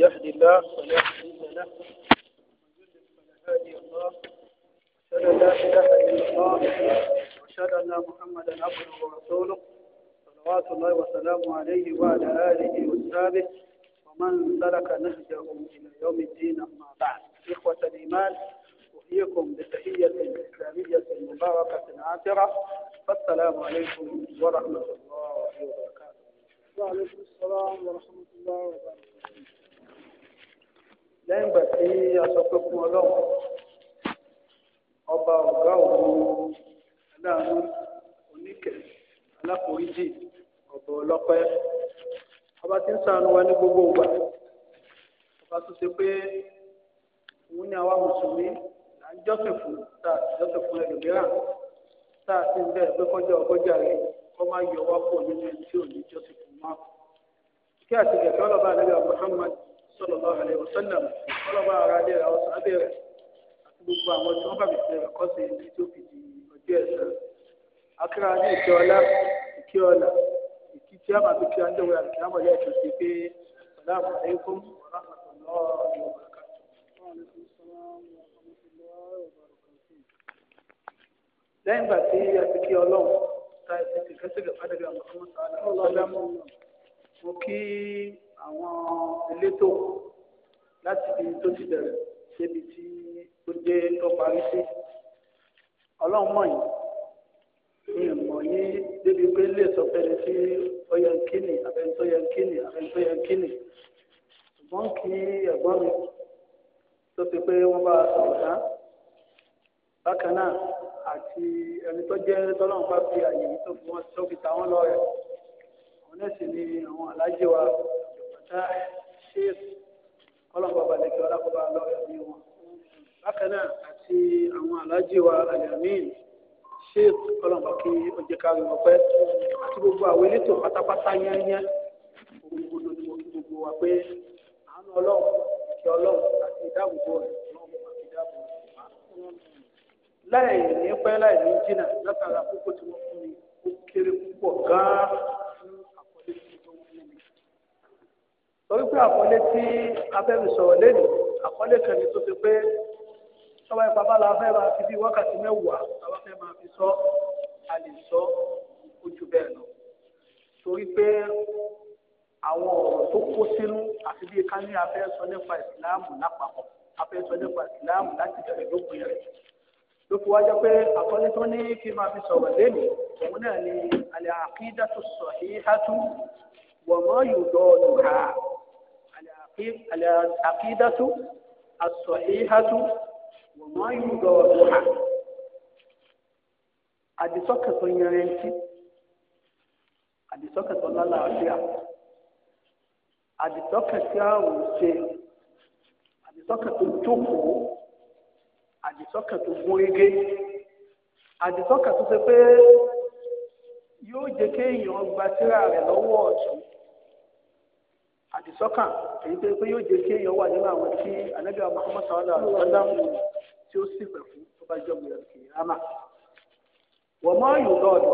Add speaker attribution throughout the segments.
Speaker 1: يهد الله فلا مضل له فلا هادي الله أشهد أن لا إله إلا الله وأشهد أن محمدا عبده ورسوله صلوات الله وسلامه عليه وعلى آله وأصحابه ومن سلك نهجه إلى يوم الدين أما بعد إخوة الإيمان أحييكم بتحية إسلامية مباركة عاطرة فالسلام عليكم ورحمة الله وبركاته
Speaker 2: وعليكم السلام ورحمة الله وبركاته
Speaker 1: lẹ́yìn ìgbà tí a pé fún ọlọ́run ọba ọ̀gá òun aláàánú oníkẹ̀ ọ̀bọ̀ ọlọ́pẹ́ ọba tí ń ṣàánú wa ní gbogbo ìgbà ọba tó ṣe pé òun ni àwa mùsùlùmí là ń jọ́sìn fún tá jọ́sìn fún ẹlòmíràn tá a ti ń bẹ̀rẹ̀ pé kọjá ọgọ́jà kọ́ máa yọ Muhammad sallallahu alaihi wasallam ọlọ́ba ara lé ra ọ̀sán abẹ́ rẹ̀ àti gbogbo àwọn tí wọ́n bá mi fi rẹ̀ kọ́ sí ibi tó fi di ọjọ́ ẹ̀sán. akíra ní ìkí ọlá ìkí ọlá ìkí tí a máa fi kíra níjọba àti kíra mọ̀lẹ́ ẹ̀kẹ́ sí pé salamu alaikum
Speaker 2: wa rahmatullahi wa barakatuh.
Speaker 3: lẹ́yìn ìgbà tí a ti kí ọlọ́run ta ìsìnkú kẹsìkẹ
Speaker 1: fàdàgbà mọ̀ọ́mọ́sá mo kí àwọn elétò láti ibi tó ti bẹ̀rẹ̀ débi tí ó dé tó parí sí ọlọ́run mọ̀ yìí ní ìmọ̀ yìí débi pé lè sọ fẹ́ni tí ó yẹ kíni abẹ́ni tó yẹ kíni abẹ́ni tó yẹ kíni ṣùgbọ́n kí ẹ̀gbọ́n mi tó ti pé wọ́n bá sọ̀rọ̀ dá bákan náà àti ẹni tó jẹ́ tọ́lọ́run bá fi àyè tó fi wọ́n tó fi ta wọ́n lọ́rẹ̀ àwọn náà sì ni àwọn alájẹ wa táì ṣéèsì kọ́lọ́n bàbá lẹ́kẹ́ ọlákọ́bá lọ́rẹ̀ ní wọn. bákan náà àti àwọn aláàjì wa alamin ṣéèsì kọ́lọ́n bá kí ó jẹ́ kárí wọn pẹ́ àti gbogbo àwọn elétò pátápátá yányán gbogbo lórí mo kí gbogbo wa pé àánú ọlọ́run kí ọlọ́run àti ìdáàbòbò rẹ̀ ọlọ́run àti ìdáàbòbò rẹ̀ láì ní pẹ́ láì ní jìnnà látara kókó tí wọ́n fún mi ó kéré púpọ̀ gan-an. torí pé àkọlé tí abẹ́mi sọ̀rọ̀ lẹ́nu àkọlé kan ní tó fi pé sọ́wọ́ ẹ̀ bàbá la fẹ́ máa fi bí wákàtí mẹ́wàá làwa fẹ́ máa fi sọ a lè sọ ojú bẹ́ẹ̀ lọ torí pé àwọn ọ̀rọ̀ tó kó sínú àti bí ká ní afẹ́ sọ nípa ìsìláàmù lápapọ̀ afẹ́ sọ nípa ìsìláàmù láti bẹ̀rẹ̀ lópin rẹ̀ ló fi wájọ pé àkọlé tó ní kí n máa fi sọ̀rọ̀ lẹ́nu òun náà ni al-aqidatu as-sahihatu wa ma yudadu ha àkídàtú àsọ̀híhàtú
Speaker 2: wọ́n á yù lọ ọ̀dùnà
Speaker 1: àdìsọ́kẹ̀tọ̀ yẹrẹntì àdìsọ́kẹ̀tọ̀ lálàáfíà àdìsọ́kẹ̀tọ̀ àwòṣe àdìsọ́kẹ̀tọ̀ jókòó àdìsọ́kẹ̀tọ̀ gúnrégé àdìsọ́kẹ̀tọ̀ ṣe pé yóò jẹ́ kéèyàn gba tírà rẹ̀ lọ́wọ́ ọ̀tún. àdìsọ́kàn èyí tó pé yóò jẹ́ kí èèyàn wà nínú àwọn tí anábíà Muhammad sallallahu alaihi wa sallam tí ó sì pẹ̀ fún tó bá jọ gbìyànjú kì í wọ́n mọ́ yóò lọ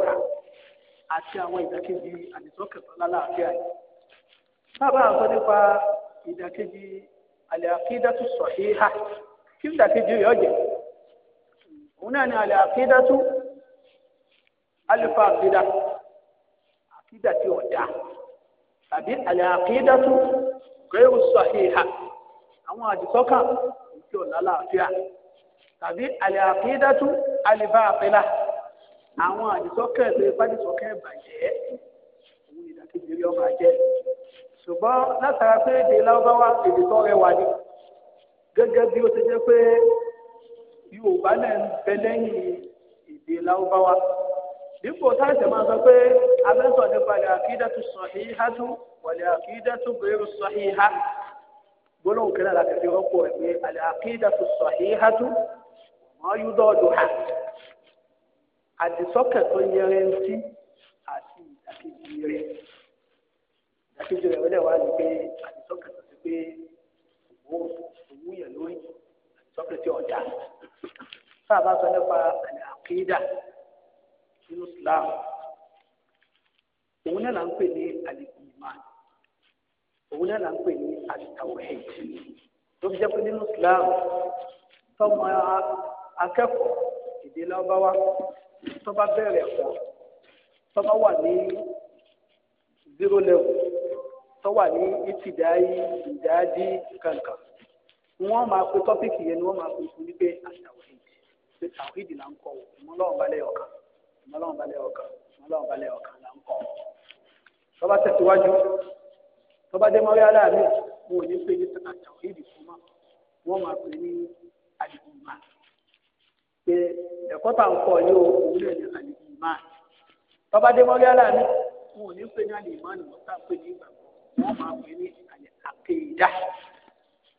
Speaker 1: àti àwọn ìdàkejì àdìsọ́kàn lálàáfíà yìí.
Speaker 3: bàbá àwọn sọ nípa
Speaker 1: ìdàkejì al-aqidatu sahiha kí jẹ́ òun náà ni àbí àlàkídàtú gẹ́rù sàhíhà àwọn àdìsọ́kàn tí ò lálàáfíà tàbí àlàkídàtú àlìbáàpẹ́lá àwọn àdìsọ́kàn ẹ̀sẹ̀ ìbádìsọ́kàn ìbàjẹ́ òun ìdàkejì rí ọkọ̀ àjẹ́ ṣùgbọ́n látara pé èdè lábáwá èdè tó rẹwà ni gẹ́gẹ́ bí ó ti jẹ́ pé Yorùbá náà ń bẹ lẹ́yìn èdè lábáwá dípò táìsẹ̀ máa sọ pé abẹ́sọ̀ nípa ilẹ̀ àkídàtú sọ̀híhátú wàlẹ̀ àkídàtú gbèrú sọ̀híhá gbólóhùn kílẹ̀ láti fi rọ́pò rẹ̀ pé àlẹ̀ àkídàtú sọ̀híhátú wọ́n yú dọ́ọ̀dù hà àdìsọ́kẹ̀ tó yẹrẹ ń tí àti ìdàkejì rẹ̀ ìdàkejì rẹ̀ wọlé wà ní pé àdìsọ́kẹ̀ tó ti pé òwú yẹn lórí àdìsọ́kẹ̀ tí ọ̀dà sábà sọ nípa àlẹ̀ àkídà nínú Islam òun náà là ń pè ní al-iman òun náà là ń pè ní al tó fi jẹ́ pé nínú Islam tọ́mọ akẹ́kọ̀ọ́ èdè lọ́bàwá tó bá bẹ̀rẹ̀ ẹ̀kọ́ tó bá wà ní zero level tó wà ní ìtìdáyé ìdájí kankan wọ́n máa pe tọ́pìkì yẹn ni wọ́n máa pe fún wípé àtàwíìdì àtàwíìdì là ń kọ́ wọn lọ́wọ́ balẹ̀ ọ̀kan ìmọ̀lọ́wọ́n balẹ̀ ọ̀kan ìmọ̀lọ́wọ́n balẹ̀ ọ̀kan là ń kọ́ tọ́ba tẹ̀síwájú tọ́ba dé mọ́rí aláàbí wọn ò ní pè ní àtàwọn ìdì fún mọ́ wọ́n máa pè ní àdìgúnmá pé ẹ̀kọ́ tá à ń kọ́ yóò wúlò ní àdìgúnmá tọ́ba dé mọ́rí aláàbí wọn ò ní pè ní àdìgúnmá ni wọ́n tá ń pè ní ìgbàgbọ́ wọ́n máa pè ní àkéèdá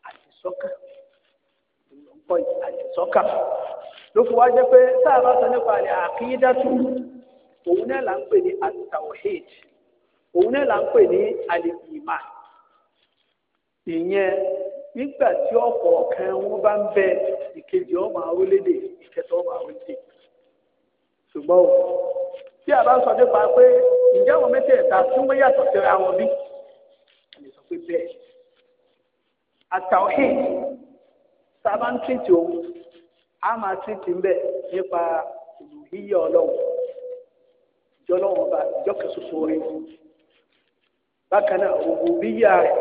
Speaker 1: àtisọ́kàn kọ àdìsọ́kà ló fi wá jẹ́ pé tá a bá sọ nípa àlẹ́ àkídàtù òun náà là ń pè ní àtàwọ̀hìd òun náà là ń pè ní àlìyìmá ìyẹn nígbà tí ọ̀pọ̀ kan wọn bá ń bẹ ìkejì ọmọ àwọlédè ìkẹta ọmọ àwọlédè ṣùgbọ́n o tí a bá sọ nípa pé ǹjẹ́ àwọn mẹ́tẹ̀ẹ̀ta tí wọ́n yàtọ̀ síra wọn bí a sọ pé bẹ́ẹ̀ àtàwọ̀hìd tá a bá ń tìrìtì òun a máa tìrìtì ń bẹ̀ nípa ìyẹ́ ọlọ́run ìjọ ọlọ́run ọba ìjọ kẹsùsù rẹ bákan náà òwò bí yá rẹ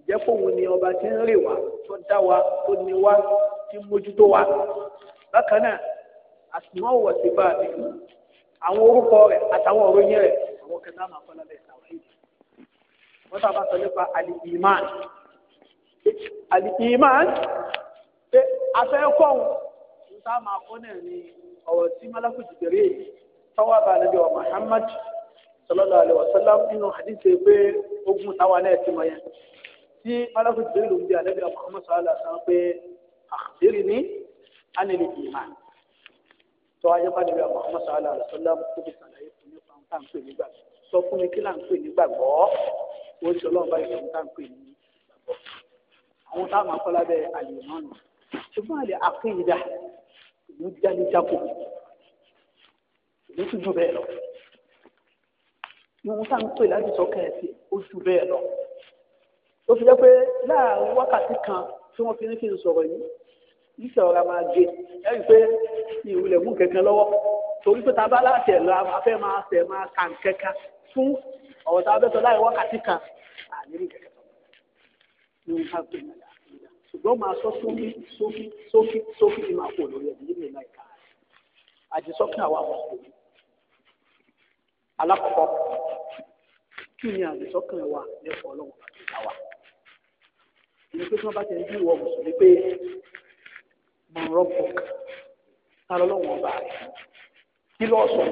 Speaker 1: ìjẹ́pọ̀wò ni ọba ti ń rè wá tó dá wa tó ní wá tí mójútó wa bákan náà àsìmọ́ wọ̀ sí bá mi àwọn orúkọ rẹ àtàwọn òròyìn rẹ àwọn kẹta máa kọ́ lábẹ́ ìtàwọn èdè wọ́n sábà sọ nípa àlìkìmáà àlìkìmáà pé afẹ́kọ̀ọ́ ń tá máa kọ́ náà ni ọ̀rọ̀ tí malakú ti tẹ̀lé yìí tọ́wọ́ bá nàbí wa Muhammad sallallahu alaihi wasallam nínú hadith pé ogun táwa náà ti mọ yẹn tí malakú ti tẹ̀lé lòun bí ànábì wa Muhammad sallallahu alaihi wasallam pé àkàtẹ́rì ní ánìlì ìmá tọ́ ayé bá nàbí wa Muhammad sallallahu alaihi wasallam kó fi sàlàyé fún nípa ń tà ń pè sọ fún mi kí là ń pè nígbàgbọ́ ó ń ṣe ọlọ́run báyìí fún ń tà ń pè nígbàgbọ́ àwọn táwọn akọ́lábẹ́ àlè náà nù ṣùgbọ́n àlè àkéyìdá ìlú jáde-jáko ìlú tún jù bẹ́ẹ̀ lọ ìwọ̀n tá à ń pè láti sọ kẹ́ẹ̀sì ó jù bẹ́ẹ̀ lọ ó fi jẹ́ pé láàárín wákàtí kan tí wọ́n fi ní kí n sọ̀rọ̀ yìí níṣẹ́ ọ̀rọ̀ máa gé ẹ̀rí pé ìwúlẹ̀ mú kankan lọ́wọ́ torí pé tábà láti ẹ̀ lọ afẹ́ máa tẹ̀ máa kà ń kẹ́ka fún ọ̀rọ̀ tábà bẹ́tọ̀ láì wákàtí kan àní nìkẹ́kẹ́ ìwọ̀n tá ń pè ṣùgbọ́n máa sọ sókí sókí sókí sókí ni máa kó lórí ẹ̀mí nínú ìlà ìka àdìsọ́kí àwa àwọn ọkùnrin alákọ̀ọ́kọ́ kí ni àdìsọ́kàn wa lẹ́kọ̀ọ́ lọ́wọ́ àti ìgbà wa ìyẹn pé tí wọ́n bá ti ń bí ìwọ mùsùlùmí pé mo ń rọ́pò ká lọ́wọ́ ọba rẹ̀ kí lọ́ọ́ sọ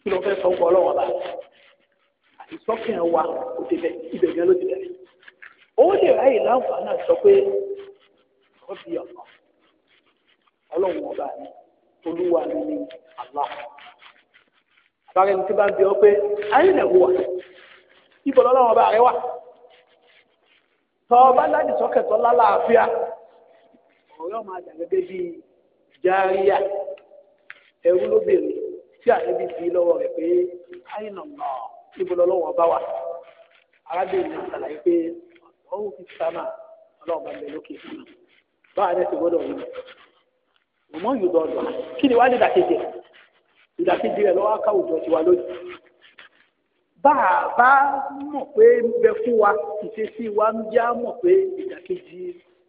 Speaker 2: kí lọ́ọ́ fẹ́ sọ ọkọ̀ ọlọ́wọ́
Speaker 1: ọba rẹ̀ àdìsọ́kàn wa ó ti bẹ̀ ibẹ̀ gan ló ti bẹ̀rẹ̀. ó lè ráyè láǹfààní àṣọ pé ọ ọkọ ọlọ́run ọba mi olúwa mi ni Allah àbárẹni tí bá ń bi ọ pé ayélujára wà ibò lọ́lọ́run ọba rẹ wà tọ́ ọba láti sọ́kẹ̀tọ́ lálàáfíà gẹ́gẹ́ bíi járíà ló bèrè tí lọ́wọ́ rẹ̀ pé ọba wà arábìnrin náà pé ọ̀hún fi sámà ọlọ́run bá ń bẹ lókè sámà báwa náà ti gbọ́dọ̀ wí ọmọ yìí dọ̀dọ̀ kí ni wàá ní ìdàkejì ìdàkejì rẹ̀ lọ́wọ́ ká òjò tiwa lójú bàbá mọ̀ pé ń bẹ fún wa ìṣesí wa ń já mọ̀ pé ìdàkejì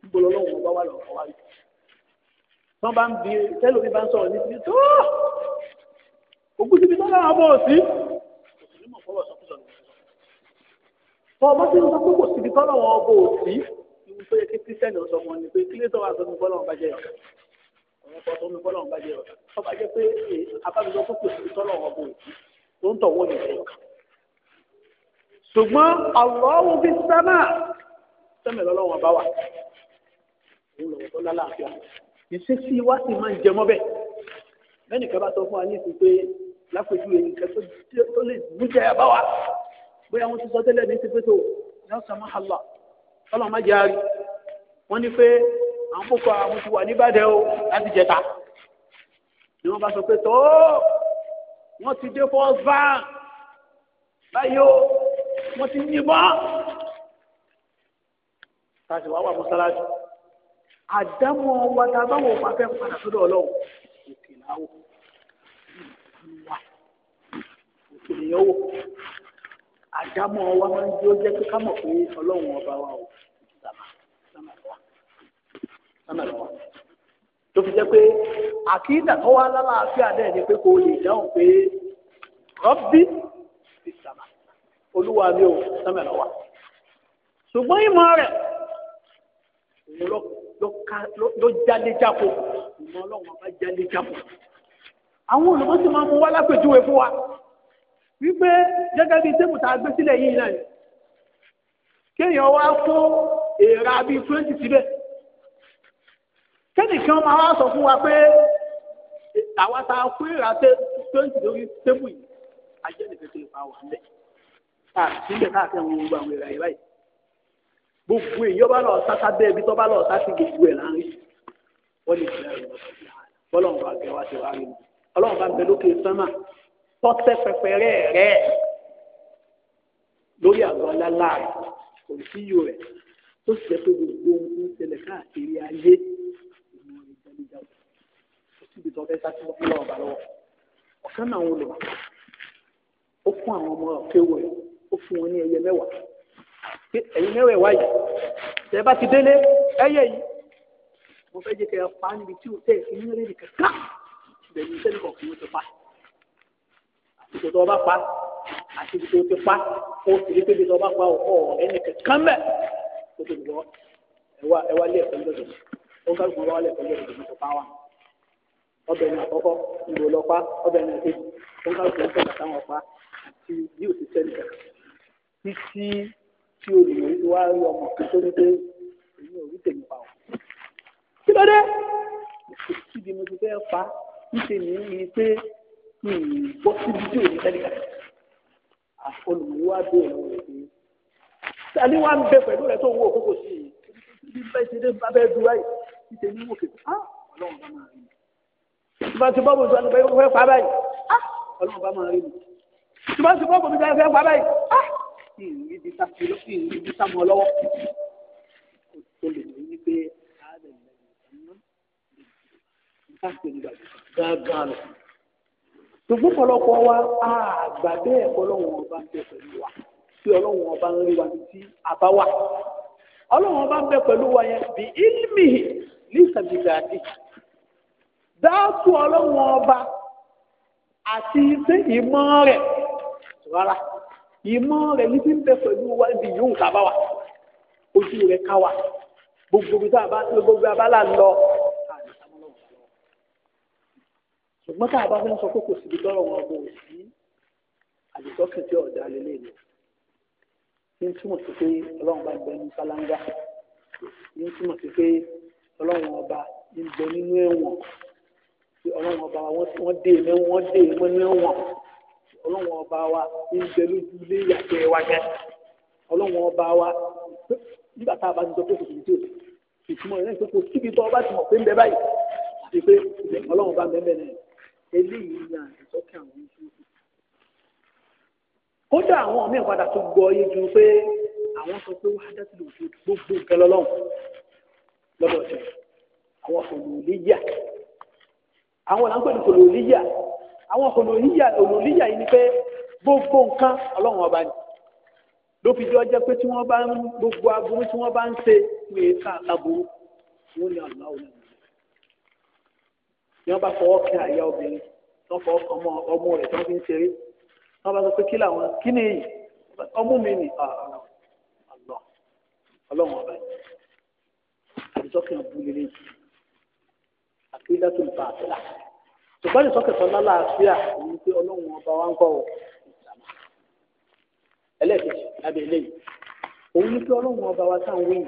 Speaker 1: ń bọ̀ lọ́wọ́ bá wà lọ́wọ́ wa wọ́n bá ń bi tẹ́lómi bá ń sọ̀rọ̀ ní ti tó ogún síbi tó láwọn ọmọ òsì òsì mọ̀ fọwọ́ sọkúsọ tọ́ ọba tí ó sọ pé kò síbi tọ́lọ̀ wọn ọgbọ́ òsì ìwú tó yẹ kí kírísítẹ́nì ọ̀sọ̀ wọn ni pé kí lè tọ́wọ́ àtọ́nu bọ́lọ̀ ọba jẹ́ ọ̀rọ̀ ọ̀rọ̀ tọ́nu bọ́lọ̀ ọba jẹ́ ọ̀rọ̀ ọba jẹ́ pé eh, abájọ pé kò síbi tọ́lọ̀ wọn ọgbọ́ òsì tó ń tọ̀wọ́ ní ìfẹ́ ṣùgbọ́n Allahu fi sámà sẹ́mẹ̀ lọ́lọ́wọ́n bá wà òun lọ́wọ́ tó lálàáfíà ìṣesí wa sì máa ń jẹ mọ́ bẹ́ẹ̀ lẹ́nìkan bá sọ fún wa ní ìsìn pé lápèjúwe nǹkan tó lè mú jẹ́ àbáwá bóyá wọ́n ti sọ tẹ́lẹ̀ ní ti pé tó yọ sàmú àlọ́ ọlọ́run má jẹ́ àárí wọ́n ní pé àwọn púpọ̀ àwọn ti wà níbàdàn o láti jẹta ni wọ́n bá sọ pé tó wọ́n ti dé fọ́ọ̀sì van báyìí o wọ́n ti yìnbọn tàbí wàá wà mọ́sálásí àdámọ̀ wa ta báwọn ọba fẹ́ padà sọ́dọ̀ ọlọ́run òkè làwọ̀ òkè làwọ̀ òkè àdámọ́ wa máa ń jó jẹ́ pé ká mọ̀ pé ọlọ́run ọba wa ò sánà lọ́wọ́ tó fi jẹ́ pé àkídà tó wá lálàáfíà náà ni pé kò lè dáhùn pé rọ́bì ti sàmà olúwa mi ò sánà lọ́wọ́ ṣùgbọ́n ìmọ̀ rẹ̀ ló jáde jápo ìmọ̀ ọlọ́run ọba jáde jápo àwọn olùkọ́ sì máa mú wá lápèjúwe fún wa wípé gẹ́gẹ́ bíi tébù tá a gbé sílẹ̀ yìí náà kéèyàn wá kó èèrà bíi twenty síbẹ̀ kẹ́nìkan máa wá sọ fún wa pé àwa tá a kó èèrà twenty lórí tébù yìí ajé nìkan tó lè fa wà ńlẹ̀ sílẹ̀ káàkiri àwọn ohun àwọn èèrà yìí báyìí gbogbo èèyàn bá lọ sáká bẹ́ẹ̀ bí tó bá lọ sá sí gbogbo ẹ̀ láàrin wọ́n lè fi àrùn lọ sí ọlọ́run bá gẹ̀ wá sí wa rí ọlọ́run bá ń lókè sánmà tọ́tẹ́ pẹpẹrẹ rẹ lórí àgọ́ lálá rẹ kò sí yò rẹ tó sì jẹ́ pé gbogbo ohun ṣẹlẹ̀ káàkiri ayé ìmọ̀ ìjẹ́lẹ́jẹ́ kò síbi tó fẹ́ sáré wọ́n lọ́wọ́ bá lọ́wọ́ ọ̀kan náà ń lò ó fún àwọn ọmọ kéwò rẹ ó fún wọn ní ẹyẹ mẹ́wàá pé ẹ̀yin mẹ́wàá wáyé tẹ́ bá ti délé ẹyẹ yìí mo fẹ́ jẹ́ kẹ́ ẹ pa níbi tí o tẹ́ ẹ̀ fi ní rẹ́ẹ̀dì kankan bẹ̀rù sẹ́ni kọ̀ọ̀kan ló ti pa ibi tó bá pa àti ibi tó ti pa ó sì rí pé ibi tó bá pa ọ̀ ẹnì kankan mẹ́ tó ti wọ́ ẹwà ẹwà lé ẹ̀kọ́ lọ́dọ̀ ó ń kálukú wá lé ẹ̀kọ́ lọ́dọ̀ tó pa wà ọbẹ̀ ní àkọ́kọ́ ìbò lọ pa ọbẹ̀ ní àkejì ó ń kálukú ń tẹ̀lé táwọn pa àti bí òṣìṣẹ́ nìkan títí tí olùwé wá rí ọmọ kan tó ní pé èmi ò rí tèmi pa ọ́ kí ló dé ìdí mo ti fẹ́ pa ń ṣe nìyí pé mi síbi tí òní tẹ́lẹ̀ olùwò wa bẹ̀rẹ̀ lọ́wọ́ rẹ̀ pé tani wa ń bẹ pẹ̀lú rẹ̀ tó ń wo òkókò sí i bí bá ṣe dé bá bẹ́ẹ̀ dúró yìí ní wò kékeré ah
Speaker 2: ọlọ́run bá máa rí mi
Speaker 1: tí ti bọ́ bòtú bẹ́ẹ̀ fẹ́ pa báyìí ah ọlọ́run bá máa rí mi tí ti bọ́ bòtú fẹ́ pa báyìí ah ìrìndí sáfì lọ́wọ́ ìrìndí lọ́wọ́ o lè ní wípé ààrẹ ìlànà ìgbà ṣùgbọ́n ọ̀pọ̀lọpọ̀ wa àgbà bẹ́ẹ̀ ọlọ́run ọba ń bẹ pẹ̀lú wa tí ọlọ́run ọba ń rí wa ní tí a bá wà ọlọ́run ọba ń bẹ pẹ̀lú wa yẹn bí ilmi ní sàbìgbàdì dáàtú ọlọ́run ọba
Speaker 3: àti iṣẹ́
Speaker 1: ìmọ̀ rẹ̀ rárá ìmọ̀ rẹ̀ ní ti ń bẹ pẹ̀lú wa ibi yóò ká bá wa ojú rẹ̀ ká wa gbogbo ibi tá a bá lọ ṣùgbọ́n tá a bá fẹ́ sọ pé kò síbi tọrọ wọn kò sí àdìsọ́kàn tí ọ̀dà lélẹ̀ ni ní túmọ̀ sí pé ọlọ́run bá gbẹ ní sálángà ní túmọ̀ sí pé ọlọ́run ọba ń bẹ nínú ẹ̀wọ̀n pé ọlọ́run ọba wọ́n dé iná dé iná ní ẹ̀wọ̀n ọlọ́run ọba wa ń bẹ lójú ilé ìyàgbẹ́ wa jẹ́ ọlọ́run ọba wa nígbà tá a bá ti sọ pé kò síbi tí ò ìtumọ̀ rẹ̀ ní pé síbi tó ọba ti mọ̀ pé ń bẹ báyìí àti pé ọlọ́run ọba ń náà eléyìí ni àdìsọ́kẹ́ àwọn ojú
Speaker 3: kódà àwọn míì padà tó gbọ́ yé ju pé
Speaker 1: àwọn sọ pé wàá dátì lòdì gbogbo nǹkan lọ́lọ́run lọ́dọ̀ ọ̀jọ̀ àwọn kòlòlíyà àwọn là ń pè ní kòlòlíyà àwọn kòlòlíyà kòlòlíyà yìí ni pé gbogbo nǹkan ọlọ́run ọba ni ló fi jọ jẹ́ pé tí wọ́n bá ń gbogbo aburú tí wọ́n bá ń ṣe wọ́n yẹ ká aburú wọ́n ní àlá òun ni wọ́n bá fọwọ́ kan àyà obìnrin tí wọ́n fọwọ́ kan ọmọ rẹ̀ tí wọ́n fi ń ṣeré wọ́n bá sọ pé kí làwọn kí ni èyí ọmú mi nì àlọ́ ah, ah, ah, ọlọ́run ọba yìí àdìsọ́kàn bú lélẹ̀ yìí àkéjà tó ń bá àtẹ́là ṣùgbọ́n àdìsọ́kàn tó lálá àfíà òun pé ọlọ́run ọba wa ń kọ́ ọ ẹlẹ́ẹ̀kejì lábẹ́ eléyìí òun ní pé ọlọ́run ọba wa táwọn wíyìn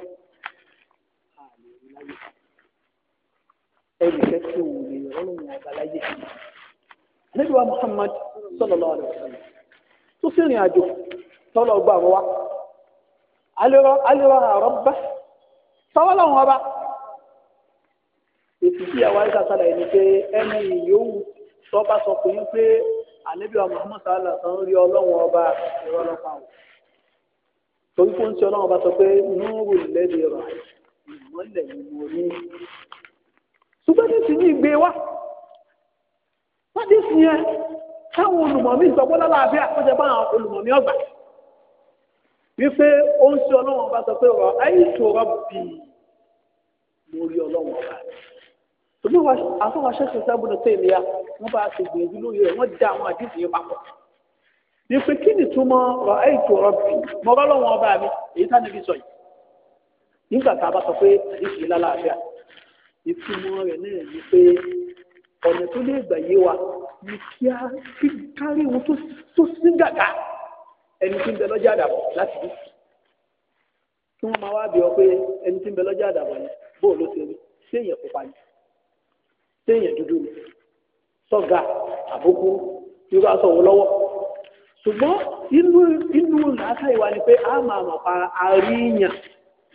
Speaker 1: ẹnìkan tí òun lè ọlọ́run ọba láyé níbi wa Muhammad sallallahu alaihi wasallam tó sì rìn àjò tọ́lọ̀ gbà wá alẹ́rọ àrọ́bá sọ́wọ́ lọ́wọ́ ọba ètò tí àwọn àìsàn sálẹ̀ ni pé ẹni ìyówù sọ́ba sọ pé ń pé ànábì wa Muhammad sallallahu alaihi wasallam rí ọlọ́run ọba ìrọ́lọ́pàá wọn torí fún ti ọlọ́run ọba sọ pé nùrù lẹ́dẹ̀ẹ́rọ̀ ìmọ̀lẹ̀ ìmọ̀rí ṣùgbọ́n ní ìsìn yìí gbé wá wọ́n ti sìn yẹn káwọn olùmọ̀mí ìgbàgbọ́ lálàáfíà ó jẹ́ báwọn olùmọ̀mí ọgbà wípé ó ń ṣe ọlọ́run ọba sọ pé ọ̀rọ̀ ayé ìṣòro bì í mo rí ọlọ́run ọba tòbí àfọwọ́ aṣẹ́ṣẹ́ sábúdó tó èmi ya wọ́n bá ti gbìyànjú lórí rẹ̀ wọ́n da àwọn àdìsí yẹn papọ̀ wípé kí ni túmọ̀ ọ̀rọ̀ ayé ìṣòro bì í mo rọ́ lọ́wọ́ ọba mi èyí tá níbi sọ ìtumọ̀ rẹ̀ náà ni pé ọ̀nà tó lè gbà yé wa ni kí a fi kárí ohun tó sí gàgà ẹni tí ń bẹ lọ́jà àdàbọ̀ láti bí kí wọ́n máa wá bí ọ pé ẹni tí ń bẹ lọ́jà àdàbọ̀ ni bó ló ṣe rí séèyàn pupa ni séèyàn dúdú ni sọ́gà àbókú irú aṣọ wo lọ́wọ́ ṣùgbọ́n inú inú làákàyè wa ni pé a máa mọ̀ pa àríyàn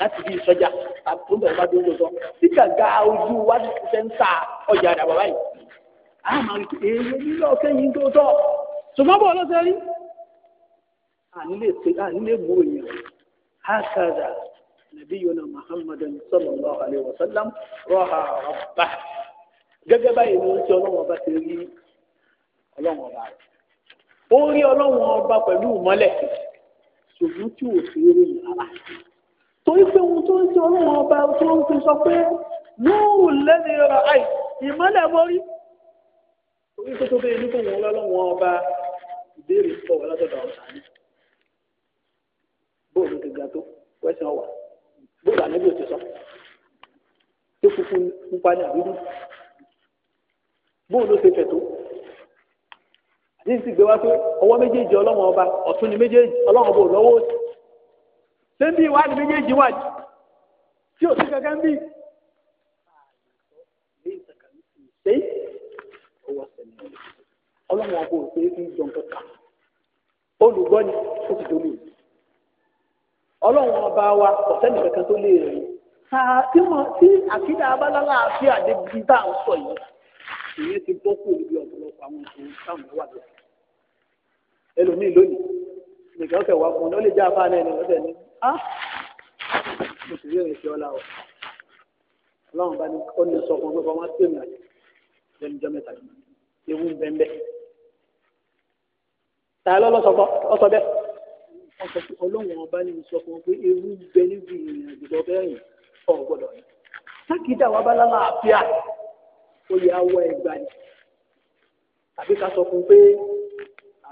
Speaker 1: láti bí sọjà àtúntò ẹ̀ bá dé ojú sọ tí gàgà ojú wá sí sẹ́ńtà ọjà rẹ̀ bàbá yìí a máa ń pè é nílò kẹ́yìn tó tọ̀ ṣùgbọ́n bọ̀ lọ́sẹ̀ rí ànílé mú èèyàn hákàdà nabiyuna muhammadan sallallahu alayhi wa sallam rọ́ha ọ̀bà gẹ́gẹ́ báyìí ni ó ti ọlọ́wọ́n ọba ti rí ọlọ́wọ́n ọba rẹ̀ ó rí ọlọ́wọ́n ọba pẹ̀lú ìmọ́lẹ̀ ṣùgbọ́n tí ò torí pé ohun tó ń ṣe ọlọ́run ọba tó ń fi sọ pé lóòrù lẹ́ni ra àì ìmọ́lẹ̀ mọ́rí torí pé tó bẹ́ẹ̀ ní fún wọn lọ́lọ́run ọba ìbéèrè pọ̀ wọ́n látọ̀dọ̀ àwọn sàánì bóòlù ti ga tó wẹ́sìn ọ̀wà bóòlù ànábì ò ti sọ tó funfun ń parí àbídú bóòlù ti fẹ̀ tó àdéhùn sì gbé wá pé ọwọ́ méjèèjì ọlọ́run ọba ọ̀tún ni méjèèjì ọlọ́run ọba ò lọ́wọ́ òsì sẹ́ńbì ìwádìí méjèèjì wà tí ò sí kankan bí. ọlọ́run ọkọ̀ òṣè ń jọ nǹkan kan olùgbọ́ ni ó ti dolè ọlọ́run ọba wa ọ̀sẹ́ni kankan tó lè rìn tí àkídà abálálà àfi àdébí tá à ń sọ yìí ìyẹn ti bọ́ kúrò níbi ọ̀pọ̀lọpọ̀ àwọn nǹkan táwọn wà lọ ẹlòmíì lónìí nìkan fẹ́ wá fún un ó jẹ́ afáàlẹ́ ẹni lọ́sẹ̀ ní Ah. mo sì rí ìrìn sí ọlá o ọlọ́run bá ní ó ní sọ fún un pé kọ́ máa ń tèmi àjẹ lẹ́nu jọ mẹ́ta ewu ń bẹ́ẹ̀ bẹ́ẹ̀ ta ló lọ́sọ̀kọ́ ọ̀sọ̀ bẹ́ẹ̀ wọ́n sọ pé ọlọ́run ọba ní sọ fún un pé ewu ń bẹ níbi ìrìn àjò lọ bẹ́ẹ̀ yìí ọ̀ gbọ́dọ̀ ni sákìdá wa bá lálá àfíà ó yẹ awọ ẹgbàá ni tàbí ká sọ fún pé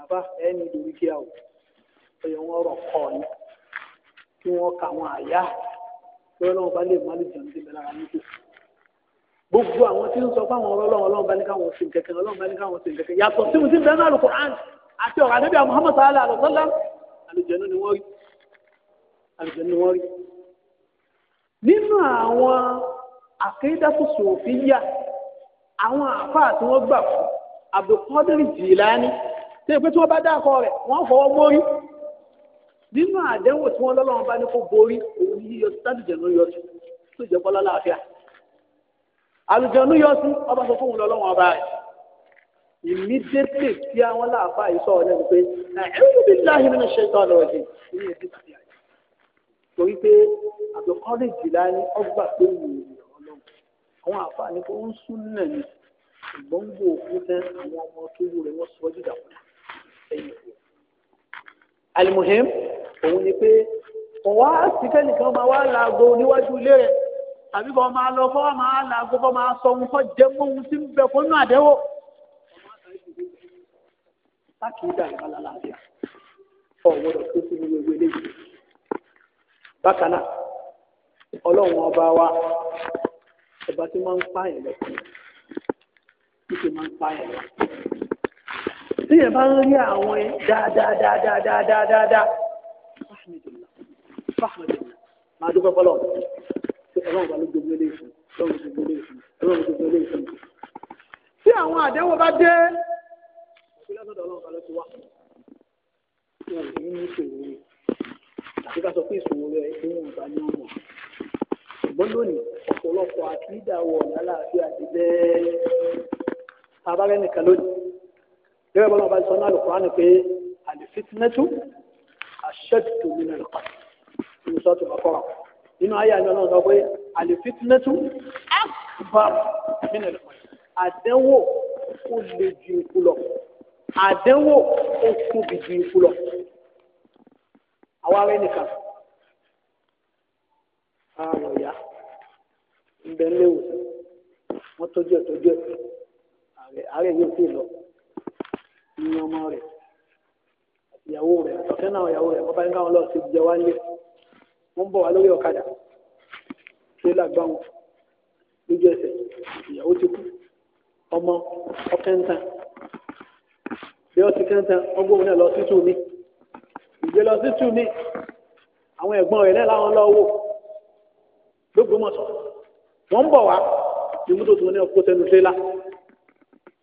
Speaker 1: àbá ẹni dorí kíá o ó yẹ wọn rọ̀ kọ́ ọ ni kí wọ́n ka àwọn àyà kí ọlọ́run bá lè má lè jẹun síbi lára nípò gbogbo àwọn tí ń sọ fún àwọn ọlọ́run ọlọ́run bá ní káwọn ṣe kẹ̀kẹ́ ọlọ́run bá ní káwọn ṣe kẹ̀kẹ́ yàtọ̀ sí ti bẹ́ẹ̀ náà Al-Qur'an àti ọ̀rọ̀ àdébí àwọn Muhammad sallallahu alaihi wasallam àlùjẹ̀nu ni wọ́n rí àlùjẹ̀nu ni wọ́n rí nínú àwọn àkéédàkù sòfíyà àwọn àfáà tí wọ́n gbà fún Abdul Qadir Jilani tí nínú àdéhùn tí wọ́n lọ́lọ́run bá ní kó borí òun yíyọ sálùjẹ̀nù yọ sí tó jẹ́ bọ́lá láàfíà àlùjẹ̀nù yọ sí ọba sọ fóun lọ́lọ́run ọba rẹ̀ immediately tí àwọn láàfáà yìí sọ̀rọ̀ lẹ́nu pé ẹ̀rọ
Speaker 2: bí láàyè nínú ṣe tán lọ́wọ́ sí
Speaker 1: ní ẹ̀dí tàbí àyè torí pé àbẹ̀kọ́rẹ́ ìjìlá ní ọgbà pé wù ọlọ́run àwọn àfáà ní kó ń òun ni pé òun á sì kẹ́nìkan máa wá laago níwájú ilé rẹ̀ àbí kò máa lọ fọ́ máa laago kò máa sọ ohun tó jẹ mọ́ ohun tí ń bẹ fún inú àdẹ́wò.
Speaker 2: lákìídà ìbálá láàbíà
Speaker 1: ọ̀wọ́dọ̀ tó sì ní wéwé léyìí. bákan náà ọlọ́run ọba wa ọba tí máa ń pààyàn lẹ́kọ̀ọ́ tí kì máa ń pààyàn lọ. tí yẹn bá ń rí àwọn dáadáa dáadáa dáadáa dáadáa fahmidullah fahmidullah máa dúpẹ́ fọlọ́ ọlọ́run bá ló gbogbo eléyìí fún ọlọ́run gbogbo eléyìí fún ọlọ́run gbogbo eléyìí fún tí àwọn àdéhùn bá dé ìpínlẹ̀ ọ̀dọ̀ ọlọ́run bá ló ti wá wọn kì í ní ìṣòro rẹ àti ká sọ pé ìṣòro rẹ ìwọ̀n bá ní ọmọ ṣùgbọ́n lónìí ọ̀pọ̀lọpọ̀ àkídà wọ̀ lálàáfíà ti bẹ́ẹ̀ abárẹ́nìkan lónìí gẹ́gẹ́ bọ́lá aṣẹ́tù nínú ẹ̀kọ́ nínú sọ́ọ̀tù bàkọ́rọ̀ nínú ayé àjọ náà sọ pé àlèfitinẹ́tù bá nínú ẹ̀kọ́ àdánwò ó le ju ikú lọ àdánwò ó tóbi ju ikú lọ àwa rẹ nìkan ààrùn ọ̀yá ń bẹ léwu wọ́n tọ́jú ẹ̀ tọ́jú ẹ̀ ààrẹ yóò fi lọ ní ọmọ rẹ̀ ìyàwó rẹ̀ ọ̀fẹ́ náà ìyàwó rẹ̀ bàbá yín káwọn lọ sí jẹ wá lé wọ́n bọ̀ wá lórí ọ̀kadà tírélà gbá wọn lójú ẹsẹ̀ ìyàwó ti kú ọmọ ọkẹ́ńtà bí ọtí kẹ́ńtà ọgbóhùn náà lọ sí tù mí ìgbé lọ sí tù mí àwọn ẹ̀gbọ́n rẹ̀ náà láwọn lọ wò lóògbé mọ̀ sọ wọ́n bọ̀ wá ní mọ́tò tó ní ọkọ̀ tẹnu tírélà